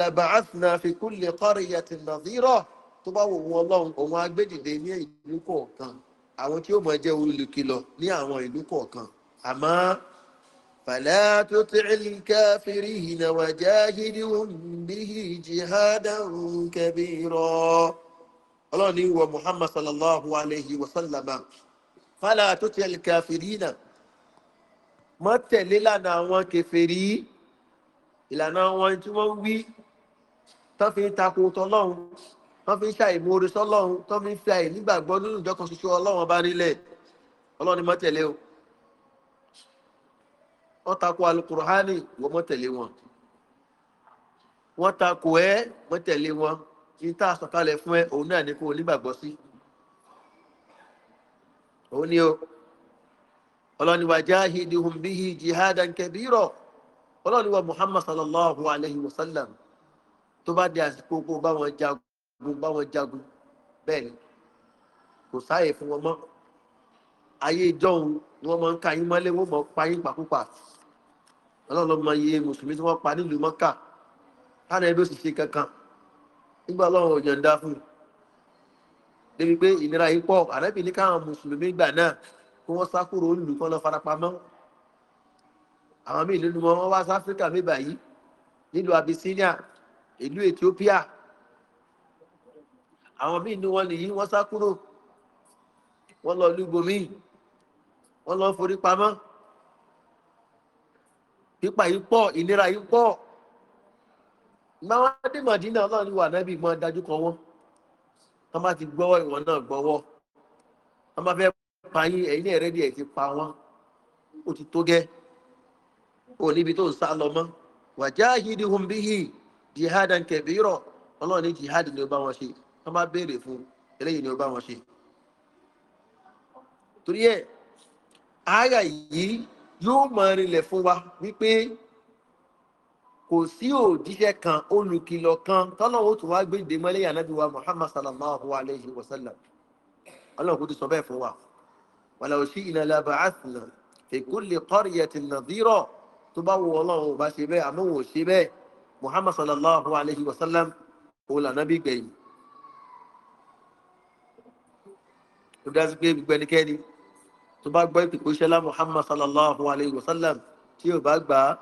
làbà àfìnà àfikún lè kọ́rọ̀ ìyàtì nàzírọ̀ tó bá wò wọn ọlọ́run òun agbẹ́dìde ní ìlú kọ̀ọ̀kan àwọn tí ó mọ̀ jẹ́ olùkìlọ̀ ní àwọn ìlú kọ̀ọ̀kan àmọ́ فلا تطع الكافرين وجاهدهم به جهادا كبيرا ọlọ́run ní wọ muhammad sallallahu alayhi wa sallama fàlà tó tẹ̀ kàfìrínà mọ́ tẹ̀lé lànà àwọn kẹfẹ́rí ìlànà wọn tí wọ́n wí tán fi ń takò tọ́lọ́run tán fi ń ṣàìmóore sọ́lọ́run tán fi ń fi àìnígbàgbọ́ nínú ìjọkan ṣoṣo ọlọ́run bá nílẹ̀ ọlọ́run ní mọ́ tẹ̀lé o wọ́n takò alukurhani wọ́n mọ́tẹ̀lé wọn wọ́n takò ẹ́ mọ́tẹ̀lé wọn kí tá a sọ̀kalẹ̀ fún ẹ òun náà ní kó o nígbàgbọ́ sí òun ni o ọlọ́niwa jáhìdì hùn bíhi jihadan kẹbírọ̀ ọlọ́niwa muhammad sallallahu alayhi wa sallam tó bá di àsìkò kó bá wọn jagun bá wọn jagun bẹ́ẹ̀ ni kò sáàyè fún wọn mọ́ ayé ìjọ́hun ni wọ́n máa ń ka yín mọ́lé wọ́n mọ̀ pa yín pàkúpà ọlọ́lọ́mọ iye mùsùlùmí tí wọ́n pa nílùú mọ́kà tánà ẹbí ó sì ṣe kankan nígbà ọlọ́run ò yọ̀ǹda fún un débi pé ìnira yìí pọ̀ àrẹ́bì ní káwọn mùsùlùmí gbà náà kí wọ́n sá kúrò nílùú kan lọ farapamọ́ àwọn míì nínú wọn wá sí áfíríkà mébà yìí nílùú abyssinia ìlú ethiopia àwọn míì nínú wọn nìyí wọ́n sá kúrò wọ́n lọ lúgbòmíì wọ́n lọ forí pamọ́ pípa yìí pọ̀ ìnira yìí pọ̀ máa dé màdínà náà ní wà nábì mọ́ dájú kan wọ́n wọ́n bá ti gbọ́wọ́ ìwọ̀n náà gbọ́wọ́ wọ́n bá fẹ́ pa yín ẹ̀yìn náà rẹ́dí ẹ̀ ti pa wọ́n ó ti tó gẹ́ ó níbi tó ń sá lọ mọ́ wàjá yìí hùn bí hì jihad kẹ̀bí rọ̀ ọlọ́run ní jihad ni ó bá wọn ṣe wọ́n bá béèrè fún eléyìí ni ó bá wọn ṣe torí ẹ̀ ààyà yìí yóò mọ rinlẹ̀ fún wa wípé kò sí òjíṣẹ́ kan olùkìlọ̀ kan tọ́lọ́wọ́ tó wá gbéǹde mọ́lẹ́ yànnàbí wa muhammad sallallahu alayhi wa sallam ọlọ́run kò ti sọ bẹ́ẹ̀ fún wa wàlá òsì ìnàlábà àtìlá fèkúlè kọ́rìyà ti nàdírọ̀ tó bá wọ ọlọ́run bá ṣe bẹ́ẹ̀ àmọ́ wọn ṣe bẹ́ẹ̀ muhammad sallallahu alayhi wa sallam òun lànàbí gbẹ̀yìn. tó dájú pé gbẹnikẹ́ni tó bá gbọ́ ìpìkú ṣẹlá muhammad sallallahu alayhi wa sallam tí ò bá gbà á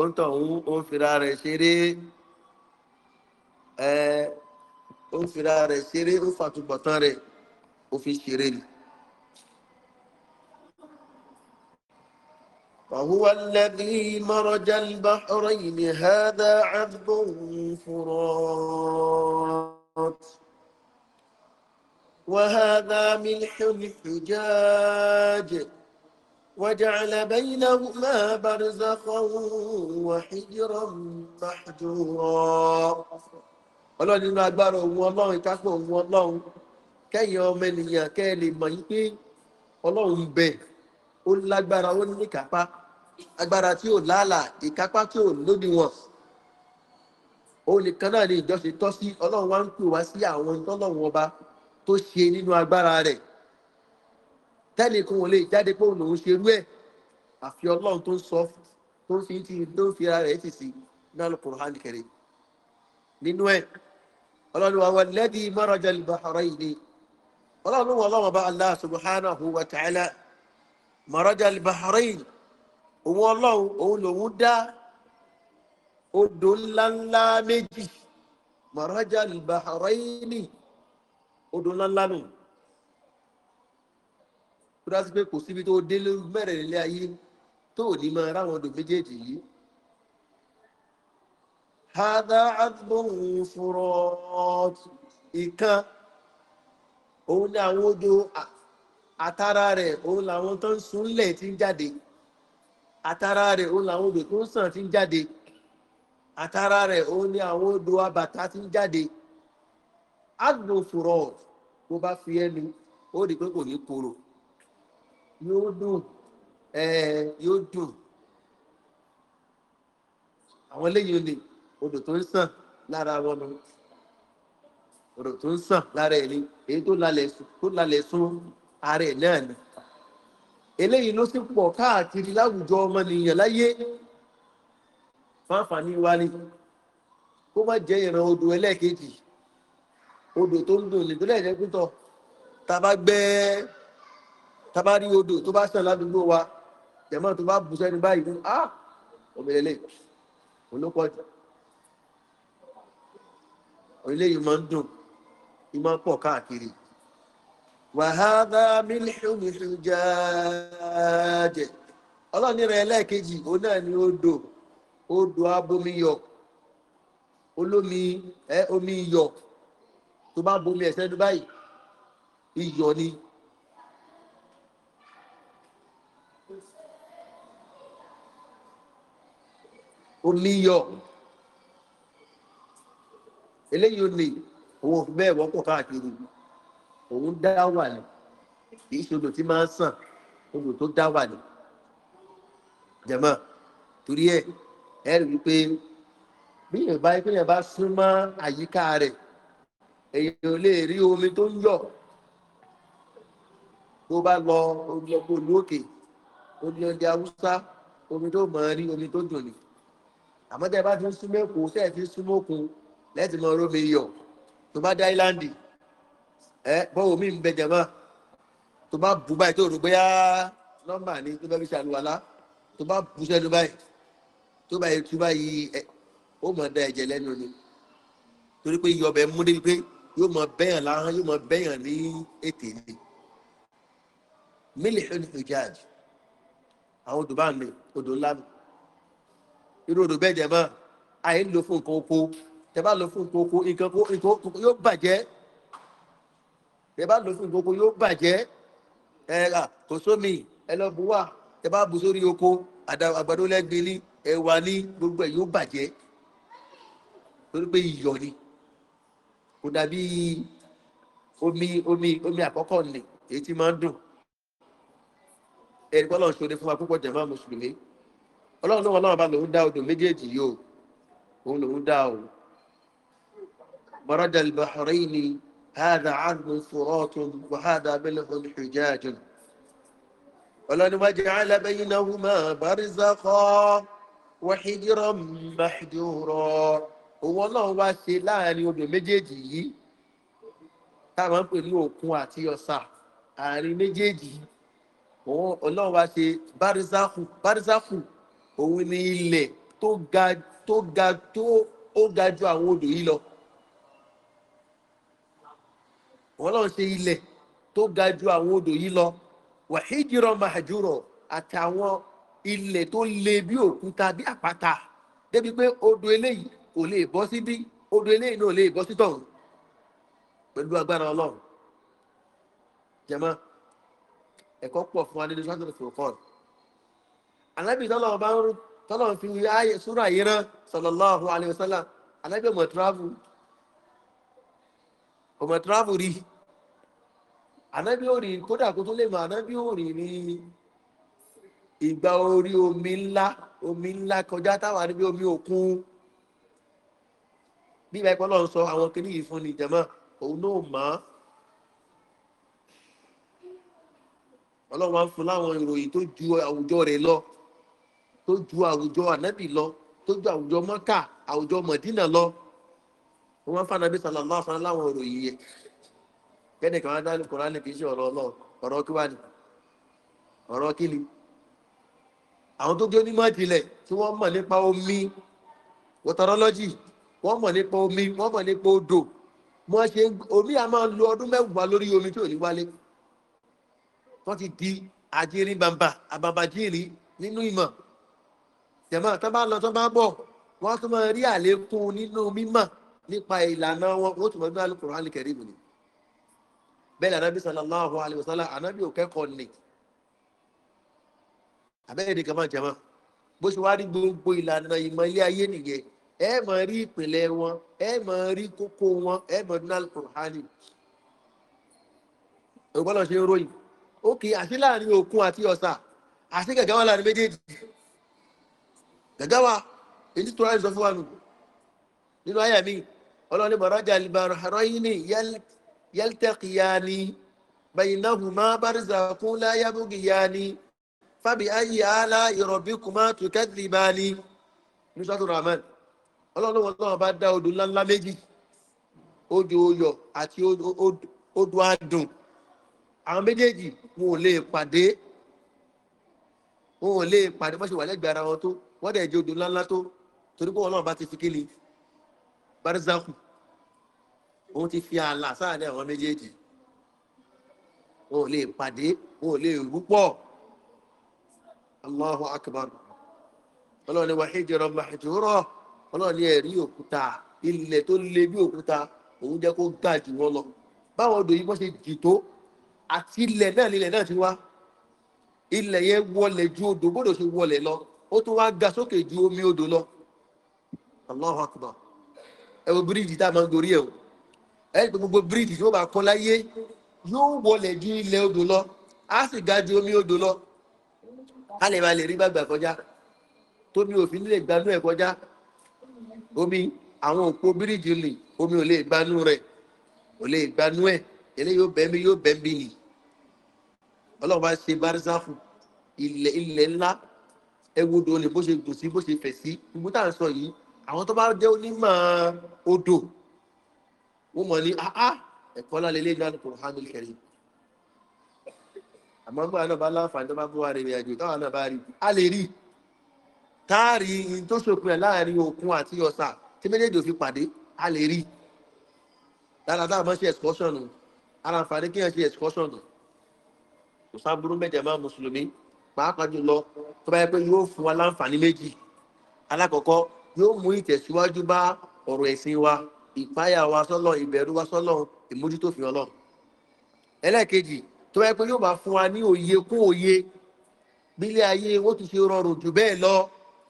ó ń tọ̀ ń ó ń fira rẹ̀ ṣeré ẹ ó ń fira rẹ̀ ṣeré ó fàtúbọ̀tán rẹ̀ ó fi ṣeré ni. وهو الذي مرج البحرين هذا عذب فرات وهذا ملح الحجاج وجعل بينهما برزخا وحجرا محجورا ọlọ́run nínú agbára òun ọlọ́run ìkápọ̀ òun ọlọ́run kẹ́yìn ọmọ ènìyàn kẹ́ lè mọ̀ yí pé ọlọ́run ń bẹ̀ ó lágbára ó ní ìkápá agbára tí ò lálà ìkápá tí ò lódiwọ̀n òun nìkan náà ni ìjọsìn tọ́ sí ọlọ́run wá ń pè wá sí àwọn tọ́lọ́run ọba tó ṣe nínú agbára rẹ̀ tẹ́nìkan ò lè jáde pé òun lòún ṣerú ẹ̀ àfi ọlọ́run tó ń sọ tó ń fi ti ló ń fi ara rẹ̀ ti sí nínú kùrọ̀hánì kẹrẹ nínú ẹ̀ ọlọ́run wa wọn lẹ́dí mọ́rajà ìbáhọ̀rọ̀ yìí ni ọlọ́run wọn ọlọ́run bá allah subhanahu wa ta'ala mọ́rajà ìbáhọ̀rọ̀ yìí òun ọlọ́run òun lòún dá odò ńláńlá méjì mọ́rajà ìbáhọ̀rọ̀ yìí ni odò ńláńlá nù tó dá sí pé kò síbi tó dé lórí mẹ́rẹ̀ẹ́lẹ́ ayé tó ò ní máa ráwọn odò méjèèjì yìí hádá àdúgbòhùn fúnrọ ìkan òun ní àwọn odò àtàrà rẹ̀ òun làwọn tó ń súnlẹ̀ ti ń jáde àtàrà rẹ̀ òun làwọn odò tó ń sàn ti ń jáde àtàrà rẹ̀ òun ní àwọn odò abàtà ti ń jáde agbo furọd bó bá fi ẹnu ó rí pé kò ní koro yóò dùn ẹ yóò dùn àwọn eléyìí ni odò tó ń sàn lára wọn nù odò tó ń sàn lára ẹ̀ ni èyí tó lálẹ́ sún ara ẹ̀ náà ni eléyìí ló sì pọ̀ káàkiri láwùjọ ọmọnìyàn láyé fáfàní wa ni kó má jẹ́ ìran odò ẹlẹ́ẹ̀kejì odò tó ń dùn nìtúlẹ̀ jẹ́ pítọ̀ ta bá gbẹ́ ta bá rí odò tó bá sàn ládùúgbò wa jẹ̀mọ́ tó bá bù sẹ́ni báyìí fún ah òmìnirẹ́lẹ̀ olókọ́jù orílẹ̀ yìí máa ń dùn yìí máa ń pọ̀ káàkiri wàhálà mílíọ̀nù jáde ọlọ́ọ̀ni ẹlẹ́ẹ̀kejì òun náà ni odò odò abomiyọ̀ olómi ẹ omi Eh, tó bá bomi ẹ̀sẹ̀ ní báyìí iyọ̀ ni. omi iyọ̀ eléyìí ò ní òun òfin bẹ́ẹ̀ wọ́pọ̀ káàkiri òun dá wà ní kì í ṣe odò tí máa ń sàn odò tó dá wà ní jẹmọ torí ẹ ẹ rí i pé bí èèyàn bá súnmọ́ àyíká rẹ̀ èyàn ò lè rí omi tó ń yọ̀ tó bá lọ omi ọkọ̀ òlú òkè omi ọdẹ haúsá omi tó mọ̀ rí omi tó dùn ní àmọ́ tẹ́ bá fi ń súnmọ́ èkó tẹ́ fi ń súnmọ́ òkun lẹ́tì mọ́ rómi yọ̀ tó bá dá íláńdì ẹ bọ́wọ́ mi ń bẹ jẹ̀mọ́ tó bá bù báyìí tó rò bóyá nọ́mbà ni tó bá fi ṣàlùwàlá tó bá bù sẹ́nu báyìí tó bá yẹ tú báyìí ó mọ̀ dá ẹ̀jẹ̀ lẹ́nu ni torí pé iyọ̀ bẹ̀ mú pé yóò mọ bẹ́yàn láhán yóò mọ bẹ́yàn ní ètè ni mílíọ̀nù ní hujaj àwọn odò bá mi odò ńlá mi irú odò bẹ́ẹ̀ jẹ́ máa àyè ń lo fún nǹkan oko tẹ bá lo fún nǹkan oko nǹkan oko yóò bàjẹ́ tẹ bá lo fún nǹkan oko yóò bàjẹ́ ẹ à kò sómi ẹ tẹ bá bu sórí oko àgbàdo lẹ́gbẹ̀ẹ́ ní ẹwà ní gbogbo ẹ̀ yóò bàjẹ́ torí pé iyọ̀ ni kò dàbí omi omi omi àkọ́kọ́ ni èyí tí máa ń dùn ẹ̀rí pọ́lọ́n ṣòro fún wa púpọ̀ jẹ̀mọ́ mùsùlùmí ọlọ́run náà ọlọ́run bá lòun dá odò méjèèjì yìí o òun lòun dá o mọ́rọ́dà ìbáhùrẹ́ ni hàdà àdùn fúrọ́ọ̀tún wàhádà abẹ́lẹ́hùn ìjẹ́jùn ọlọ́run wá alábẹ́yìn náà hùmà bárí zákọ́ wàhídìrọ̀ máhìdìrọ̀ òun ọlọ́run wá ṣe láàrin odò méjèèjì yìí táwọn ń pè ní òkun àti ọ̀sà àárín méjèèjì òun ọlọ́run wá ṣe bárísáfù bárísáfù òun ni ilẹ̀ tó ga tó ga tó ó ga ju àwọn odò yìí lọ òun ọlọ́run ṣe ilẹ̀ tó ga ju àwọn odò yìí lọ wàhíjìrọ̀ màjúrọ̀ àtàwọn ilẹ̀ tó le bí òkúta bí àpáta débi pé odò eléyìí kò lè bọ́ síbí odò eléyìí náà lè bọ́ sí tọ̀hún pẹ̀lú agbára ọlọ́run jẹ̀mọ́ ẹ̀kọ́ pọ̀ fún wa nínú sátọ̀ tó fọ́ alábì tọ́lọ́run bá ń tọ́lọ́run fi ayé súrà yìí rán sọlọ́láhùn alẹ́sọ́lá alábì ọmọ tíráfù ọmọ tíráfù rí anábì ò rí kódà kó tó lè mọ anábì ò rí ní ìgbà orí omi ńlá omi ńlá kọjá táwọn anábì omi òkun bí ìgbà ìpọ́n lọ́run sọ àwọn kìíní yìí fún ni jẹ̀mọ́ òun náà mọ̀ ọ́ ọlọ́run wá ń fún láwọn ìròyìn tó ju àwùjọ rẹ̀ lọ tó ju àwùjọ ànábì lọ tó ju àwùjọ mọ́kà àwùjọ mọ̀dínà lọ wọ́n máa ń fànàbí sàlọ̀ máa fún láwọn ìròyìn yẹn kẹ́ni kan á dálé kọ́ránì kì í ṣe ọ̀rọ̀ ọlọ́run ọ̀rọ̀ kí wà ní ọ̀rọ̀ kí ni àwọn tó jẹ́ onímọ̀ ìjìnlẹ̀ tí wọ́n mọ̀ nípa omi wọ́tọ̀rọ́lọ́jì wọ́n mọ̀ nípa omi wọ́n mọ̀ nípa odò wọ́n ṣe omi a máa lo ọdún mẹ́wàá lórí omi tí ò ní wálé wọ́n ti di àjírín bàbà àbàbàjírí nínú ìmọ̀ jẹ̀mọ́ tó bá lọ tó bá bọ̀ wọ́n tún máa rí àlékún nínú mímọ̀ nípa ìlànà wọn wọ́n tún máa gbé alukoro alikẹ́rì mu ni bẹ́ẹ̀ ni anabi sallallahu alayhi wa sallam anabi ò kẹ́kọ̀ọ́ ni abẹ́rẹ́ ni kàmá bó ṣe wá rí gbogbo ìlànà ìmọ̀ ilé ayé nìyẹn ẹ mọ̀ rí ìpìlẹ̀ wọn ẹ mọ̀ rí kókó wọn ẹ mọ̀ ní alukurhani ògbọ́dọ̀ ṣe ń ròyìn ókè àti láàrin òkun àti ọ̀sà àti gàgáwà láàrin méjèèjì gàgáwà èyí tó ráyè sọ fún wa nù nínú àyà mi ọlọ́ni mọ̀rọ́jà libaraharaini yaltakiyani bayinahuma barizakun layabugiyani fabi ayi ala yorobikuma tukadlibani nusratu rahman ọlọ́run wọn náà bá dá odò ńláńlá méjì odò oyọ̀ àti odò adùn àwọn méjèèjì wọn ò lè pàdé wọn ò lè pàdé bọ́sẹ̀ wà lẹ́gbẹ̀ẹ́ ara wọn tó wọ́n dẹ̀ jẹ́ odò ńláńlá tó torí pé ọlọ́run bá ti fi kéle barizaku òun ti fi ààlà sáàdé àwọn méjèèjì wọn ò lè pàdé wọn ò lè rúpọ̀ allahu akbar ọlọ́run ni wàhíjì rọ màhìjì rọ ọlọ́run ní ẹ̀rí òkúta ilẹ̀ tó le bí òkúta òun jẹ́ kó ga jù wọn lọ báwọn odò yìí wọ́n ṣe jì tó àti ilẹ̀ náà nílẹ̀ náà ti wá ilẹ̀ yẹn wọlẹ̀ ju odò bódò ṣe wọlẹ̀ lọ ó tún wá ga sókè ju omi odò lọ allah akbar ẹ wo bíríìjì tá a máa ń gorí ẹ o ẹ ẹ gbogbo bíríìjì tí wọ́n máa kọ́ láyé yóò wọlẹ̀ ju ilẹ̀ odò lọ á sì ga ju omi odò lọ ká lè máa lè rí bàgbà kọjá tómi òfin lè gbanú ẹ kọjá omi àwọn òpó bíríìjì lè omi ò lè gbanú rẹ̀ ò lè gbanú ẹ̀ eléyìí yóò bẹ́ẹ̀ mi yóò bẹ́ẹ̀ mi yìí ọlọ́run bá ṣe barisafu ilẹ̀ ilẹ̀ ńlá ẹwọ́dọ̀ ni bó ṣe gùn sí bó ṣe fẹ̀ sí gbogbo tá à ń sọ yìí àwọn tó bá jẹ́ onímọ̀ odò wọ́n mọ̀ ní áá ẹ̀kọ́ ńlá lélẹ́yìn náà kò hàn mí kẹrin àmọ́ gbọ́dọ̀ náà bá láǹfààní tó bá bó wa rìnrìn àjò táwọn náà bá rí a lè rí i táàrí in tó ṣòpin ẹ̀ láàrin òkun àti ọ̀sà tí méjèèjì òfin pàdé a lè rí dára dára máa ṣe excursion nù ara àǹfààní kí wọ́n ṣe excursion nù kò sábúrú mẹ́jẹ̀ máa mùsùlùmí pàápàá jùlọ tó bá yẹ pé yóò fún wa láǹfààní méjì alákọ̀ọ́kọ́ yóò mú ìtẹ̀síwájú bá ọ̀rọ̀ ẹ̀sìn wa ìpáyà wa sọ́lọ̀ ìbẹ̀rù wa sọ́lọ̀ ìmójútófin ọlọ́run ẹlẹ́ẹ̀kejì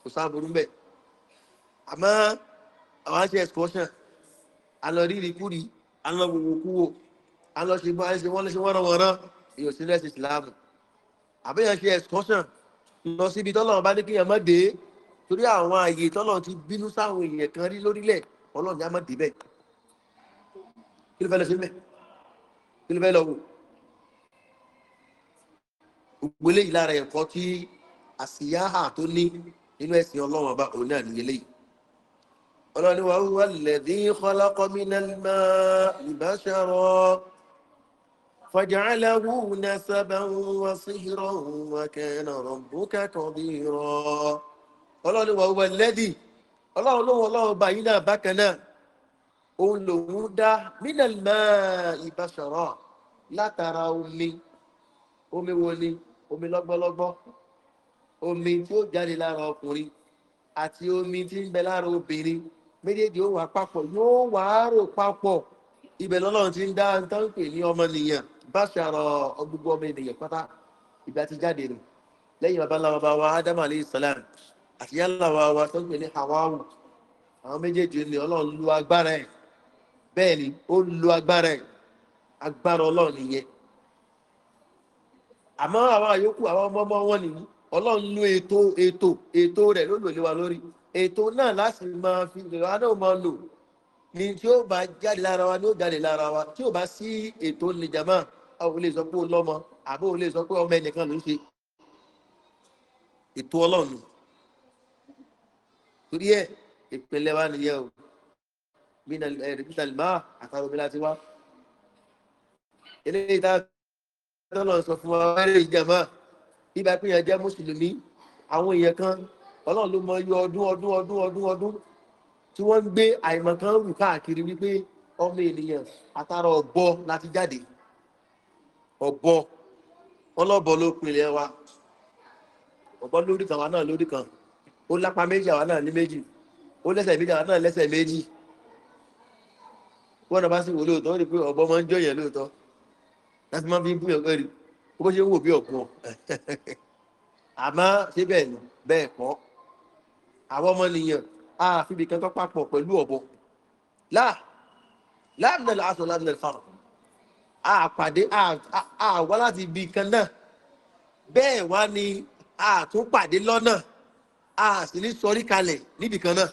kò sáàbùrú mbẹ àmọ́ àwọn àṣẹ excursion alọ́rírì kúrì alọ́ gbogbo kúwò alọ́ ṣe bá ẹsẹ̀ wọ́n lẹ́sẹ̀ wọ́n rán wọ́n rán èyí ò sí lẹ́sẹ̀ ìsìláàmù àbẹ́yàn ṣe excursion lọ síbi tọ́lọ́ bá ní kí èèyàn má dé torí àwọn àyè tọ́lọ́ ti bínú sáwọn èèyàn kan rí lórílẹ̀ ọlọ́run já má dé bẹ́ẹ̀ nínú ẹ̀sìn ọlọ́run ọba òun náà nìyẹn léyìí ọlọ́ni wa wà lẹ́dí kọlákọ́mínàlmá ìbáṣẹ́rọ fàjáàláwù nẹ́sàbà wà síhìrọ̀ wà kẹ́nàrọ̀ bókà kọ̀bírọ̀ ọlọ́ni wa wà lẹ́dí ọlọ́run lóhun ọlọ́run bá yín náà bákan náà òun lòun dá mínàlmá ìbáṣẹ́rọ látara omi omi wo ni omi lọ́gbọ́lọ́gbọ́ omi tí ó jáde lára ọkùnrin àti omi tí ń bẹ lára obìnrin méjèèjì ó wà papọ̀ yóò wà á rò papọ̀ ibẹ̀ lọ́lọ́run ti ń dá táǹkì ní ọmọnìyàn bá ṣàrọ̀ gbogbo ọmọ ènìyàn pátá ìgbà ti jáde rẹ̀ lẹ́yìn babaláwa wa ádámù aleyhi salam àti yálàwà wa táǹkì ní àwọn méjèèjì ni ọlọ́run lu agbára ẹ̀ bẹ́ẹ̀ ni ó lu agbára ẹ̀ agbára ọlọ́run nìyẹn ọlọ́run lo ètò ètò ètò rẹ̀ ló lò lé wa lórí ètò náà láti máa fi ìrora náà máa lò ní tí ó bá jáde lára wa ní ó jáde lára wa tí ó bá sí ètò nìjàmá àwọn olè sọ pé ó lọ́mọ àbó olè sọ pé ọmọ ẹnìkan ló ń ṣe ètò ọlọ́run torí ẹ ìpínlẹ̀ wa nìyẹn o bíta lè má àtàwọn omi láti wá eléyìí tá a tọ́lọ̀ sọ fún wa wẹ́rẹ́ ìjàmá ibà pé yẹn jẹ́ mùsùlùmí àwọn èèyàn kan ọlọ́run ló mọ iye ọdún ọdún ọdún ọdún ọdún tí wọ́n ń gbé àìmọ̀ kan rù káàkiri wípé ọmọ ènìyàn àtàrà ọ̀bọ láti jáde ọ̀bọ ọlọ́bọ ló pinlẹ̀ wa ọ̀bọ lórí kan wa náà lórí kan ó lápá méjì àwa náà ní méjì ó lẹ́sẹ̀ méjì àwa náà lẹ́sẹ̀ méjì wọ́n náà bá sì wò lóòótọ́ ó rí i pé ọ̀bọ máa ń jọyẹ̀ lóòótọ́ láti máa fi bú yàn pẹ́rì bó ṣe ń wò bí ọ̀gbọ́n àmọ́ ṣé bẹ́ẹ̀ ni bẹ́ẹ̀ kọ́ àwọn ọmọnìyàn a fìbí kan tó papọ̀ pẹ̀lú ọ̀bọ láà láàmì náà aṣọ láàmì náà fara a pàdé a wá láti ibi kan náà bẹ́ẹ̀ wá ni a tún pàdé lọ́nà a sì ní sọrí kalẹ̀ níbì kan náà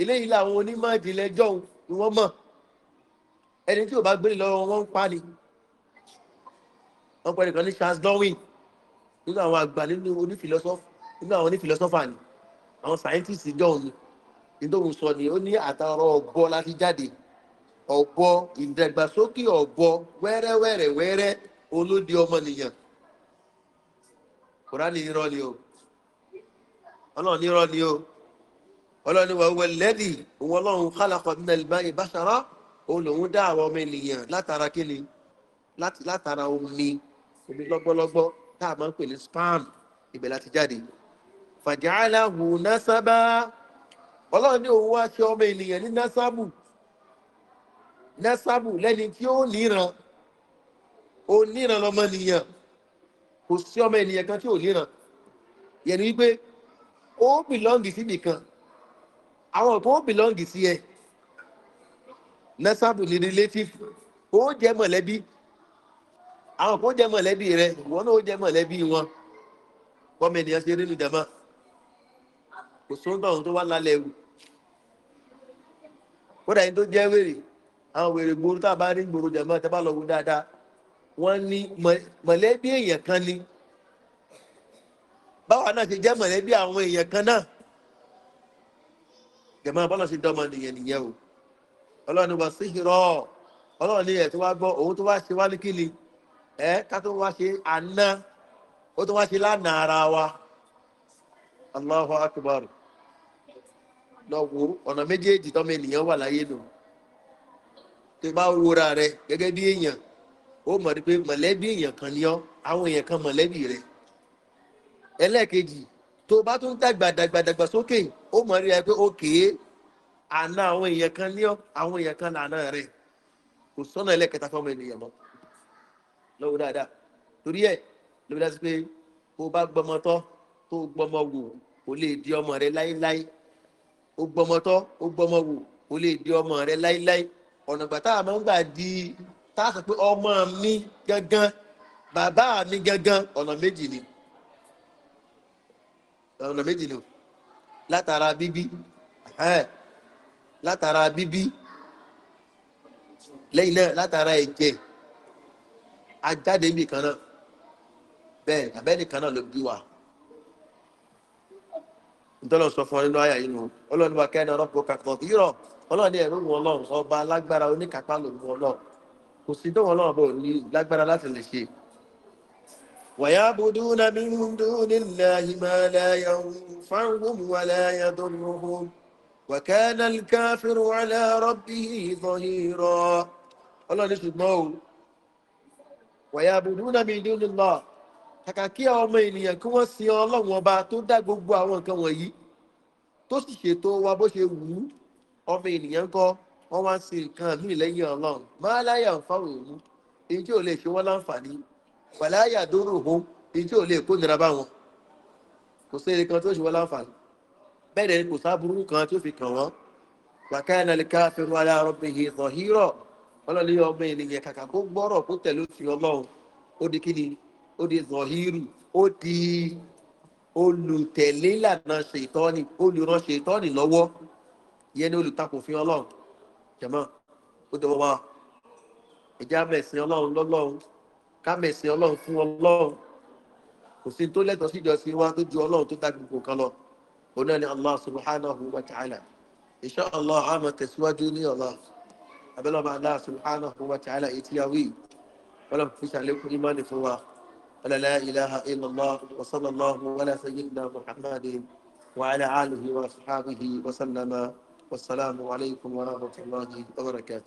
eléyìí làwọn onímọ̀ ìdílé jọ̀hún ni wọ́n mọ̀ ẹni tí ò bá gbélé lọ́wọ́ wọn ń pa ni wọ́n pẹ́ nìkan ní charles darwin nínú àwọn àgbà nínú onífìlọ́sọ́fà nínú àwọn onífìlọ́sọ́fà ni àwọn scientist jọ̀hún ni nítorí sọ ni ó ní àtàrọ̀ ọ̀bọ láti jáde ọ̀bọ ìdàgbàsókè ọ̀bọ wẹ́rẹ́wẹ́rẹ́wẹ́rẹ́ olódi ọmọnìyàn kùránì irọ́ ni o ọlọ́run irọ́ ni o ọlọ́run ìwà owó lẹ́dì òun ọlọ́run kálàkọ̀ nínú ẹ̀lìbá ìbáṣará òun lòun dá àwọn ọmọ ènìyàn látara kíni látara omi omi lọ́gbọ́lọ́gbọ́ tá a máa ń pè ní spam ibẹ̀ láti jáde fàjáàlá hù násábà ọlọ́run ní òun wá ṣe ọmọ ènìyàn ní násábù násábù lẹ́ni tí ó níran ó níran lọ́mọ ènìyàn kò sí ọmọ ènìyàn kan tí ò níran yẹn wípé ó bìlọ́ǹgì síbì kan àwọn kan ó bìlọ́ǹgì sí ẹ násábù ní relative ó jẹ́ mọ̀lẹ́bí àwọn kan jẹ́ mọ̀lẹ́bí rẹ wọn náà o mọ̀lẹ́bí wọn kọ́mọ ènìyàn ṣe nínú ìjàmbá kò sóńgbà ohun tó wá lálẹ́ ewu kódà yìí tó jẹ́ wèrè àwọn wèrè gbòòrò tá a bá rí gbòòrò tá a bá ni báwa náà ṣe àwọn èèyàn kan náà nìyẹn o ni sí ìrọ̀ ọlọ́run tó wá òun tó wá ṣe ẹ kátó wá ṣe àná ó tó ṣe lánàá ara wa allahu akbar lọ ọ̀nà méjèèjì tọ́mọ ènìyàn wà láyé nù tó bá wúra rẹ gẹ́gẹ́ bí èèyàn ó mọ̀ pé mọ̀lẹ́bí èèyàn kan ni ọ́ àwọn èèyàn kan mọ̀lẹ́bí rẹ ẹlẹ́ẹ̀kejì tó bá tún dàgbà dàgbà dàgbà sókè ó mọ̀ rí ẹ pé ó kéé àná àwọn èèyàn kan ọ́ àwọn èèyàn lọ́wọ́ dáadáa torí ẹ̀ ló fi dájú pé kó o bá gbọmọ tọ́ tó o gbọmọ wò kó lè di ọmọ rẹ láéláé o gbọmọ tọ́ o gbọmọ wò kó lè di ọmọ rẹ láéláé ọ̀nà gbàtà àmọ́ ń gbà di tá a sọ pé ọmọ mi gangan bàbá mi gangan ọ̀nà méjì ni ọ̀nà méjì ni o látara bíbí látara bíbí lẹ́yìn náà látara ẹ̀jẹ̀ ajáde níbi kan náà bẹ́ẹ̀ abẹ́ni kan náà ló bí wa ntọ́lọ̀ sọ fún ọ nínú àyà yìí nù ọlọ́run wa kẹ́ni ọlọ́pọ̀ kàkọ́ yírọ̀ ọlọ́run ní ẹ̀rọ wọn lọ́run ọba alágbára oníkápá lòun ọlọ́run kò sí tó wọn lọ́run bò ní lágbára láti lè ṣe. wàyà budu nàbí hundu nílẹ̀ himalaya fáwọn wàlàyà tó ń rú wàkẹ́nà káfíńwàlà rọ́bì ìfọ̀hìnrọ̀ ọlọ́run ṣùgbọ́n wàyàbùdúnà mi dúnú lọ kàkà kí ọmọ ènìyàn kí wọ́n sin ọlọ́run ọba tó dá gbogbo àwọn nǹkan wọ̀nyí tó sì ṣètò wa bó ṣe wù ú ọmọ ènìyàn kọ́ wọ́n wá ń sin nǹkan mí lẹ́yìn ọlọ́run máa láyà ń fáwọn èyí tí ò lè ṣe wọ́n láǹfààní wàláyà dóró òhun èyí tí ò lè kó nira bá wọn kò sí ẹnìkan tó ṣe wọ́n láǹfààní bẹ́ẹ̀ ni kò sábúrú kan tó fi kàn wọ́n wàkáyà náà lè ọlọ́lé ọmọ ènìyàn kàkà kó gbọ́rọ̀ kó tẹ̀lé òfin ọlọ́run ó di kíni ó di zọhírù ó di olùtẹ̀lé ìlànà ṣètọ́ni olùran ṣètọ́ni lọ́wọ́ ìyẹn ní olùtakòfin ọlọ́run jẹ̀mọ́ ó dọ̀wọ́ wa ìjà mẹ̀sìn ọlọ́run lọ́lọ́run ká mẹ̀sìn ọlọ́run fún ọlọ́run kò sí tó lẹ́tọ̀ọ́ sí ìjọsìn wa tó ju ọlọ́run tó dá gbogbo kan lọ òun náà ni allah subhanahu wa ta'ala ìṣọ́ allah tẹ̀síwájú ní ọlọ́run abẹ́lẹ́ ọba aláà subhanahu wa ta'ala èyí tí a wí ọlọ́run fi ṣàlékún ìmánì fún wa ọlọ́lá ìlàhà ìlọ́lá wasallallahu wàlá sayyidina muhammadin وعلى آله وأصحابه وسلم والسلام عليكم ورحمة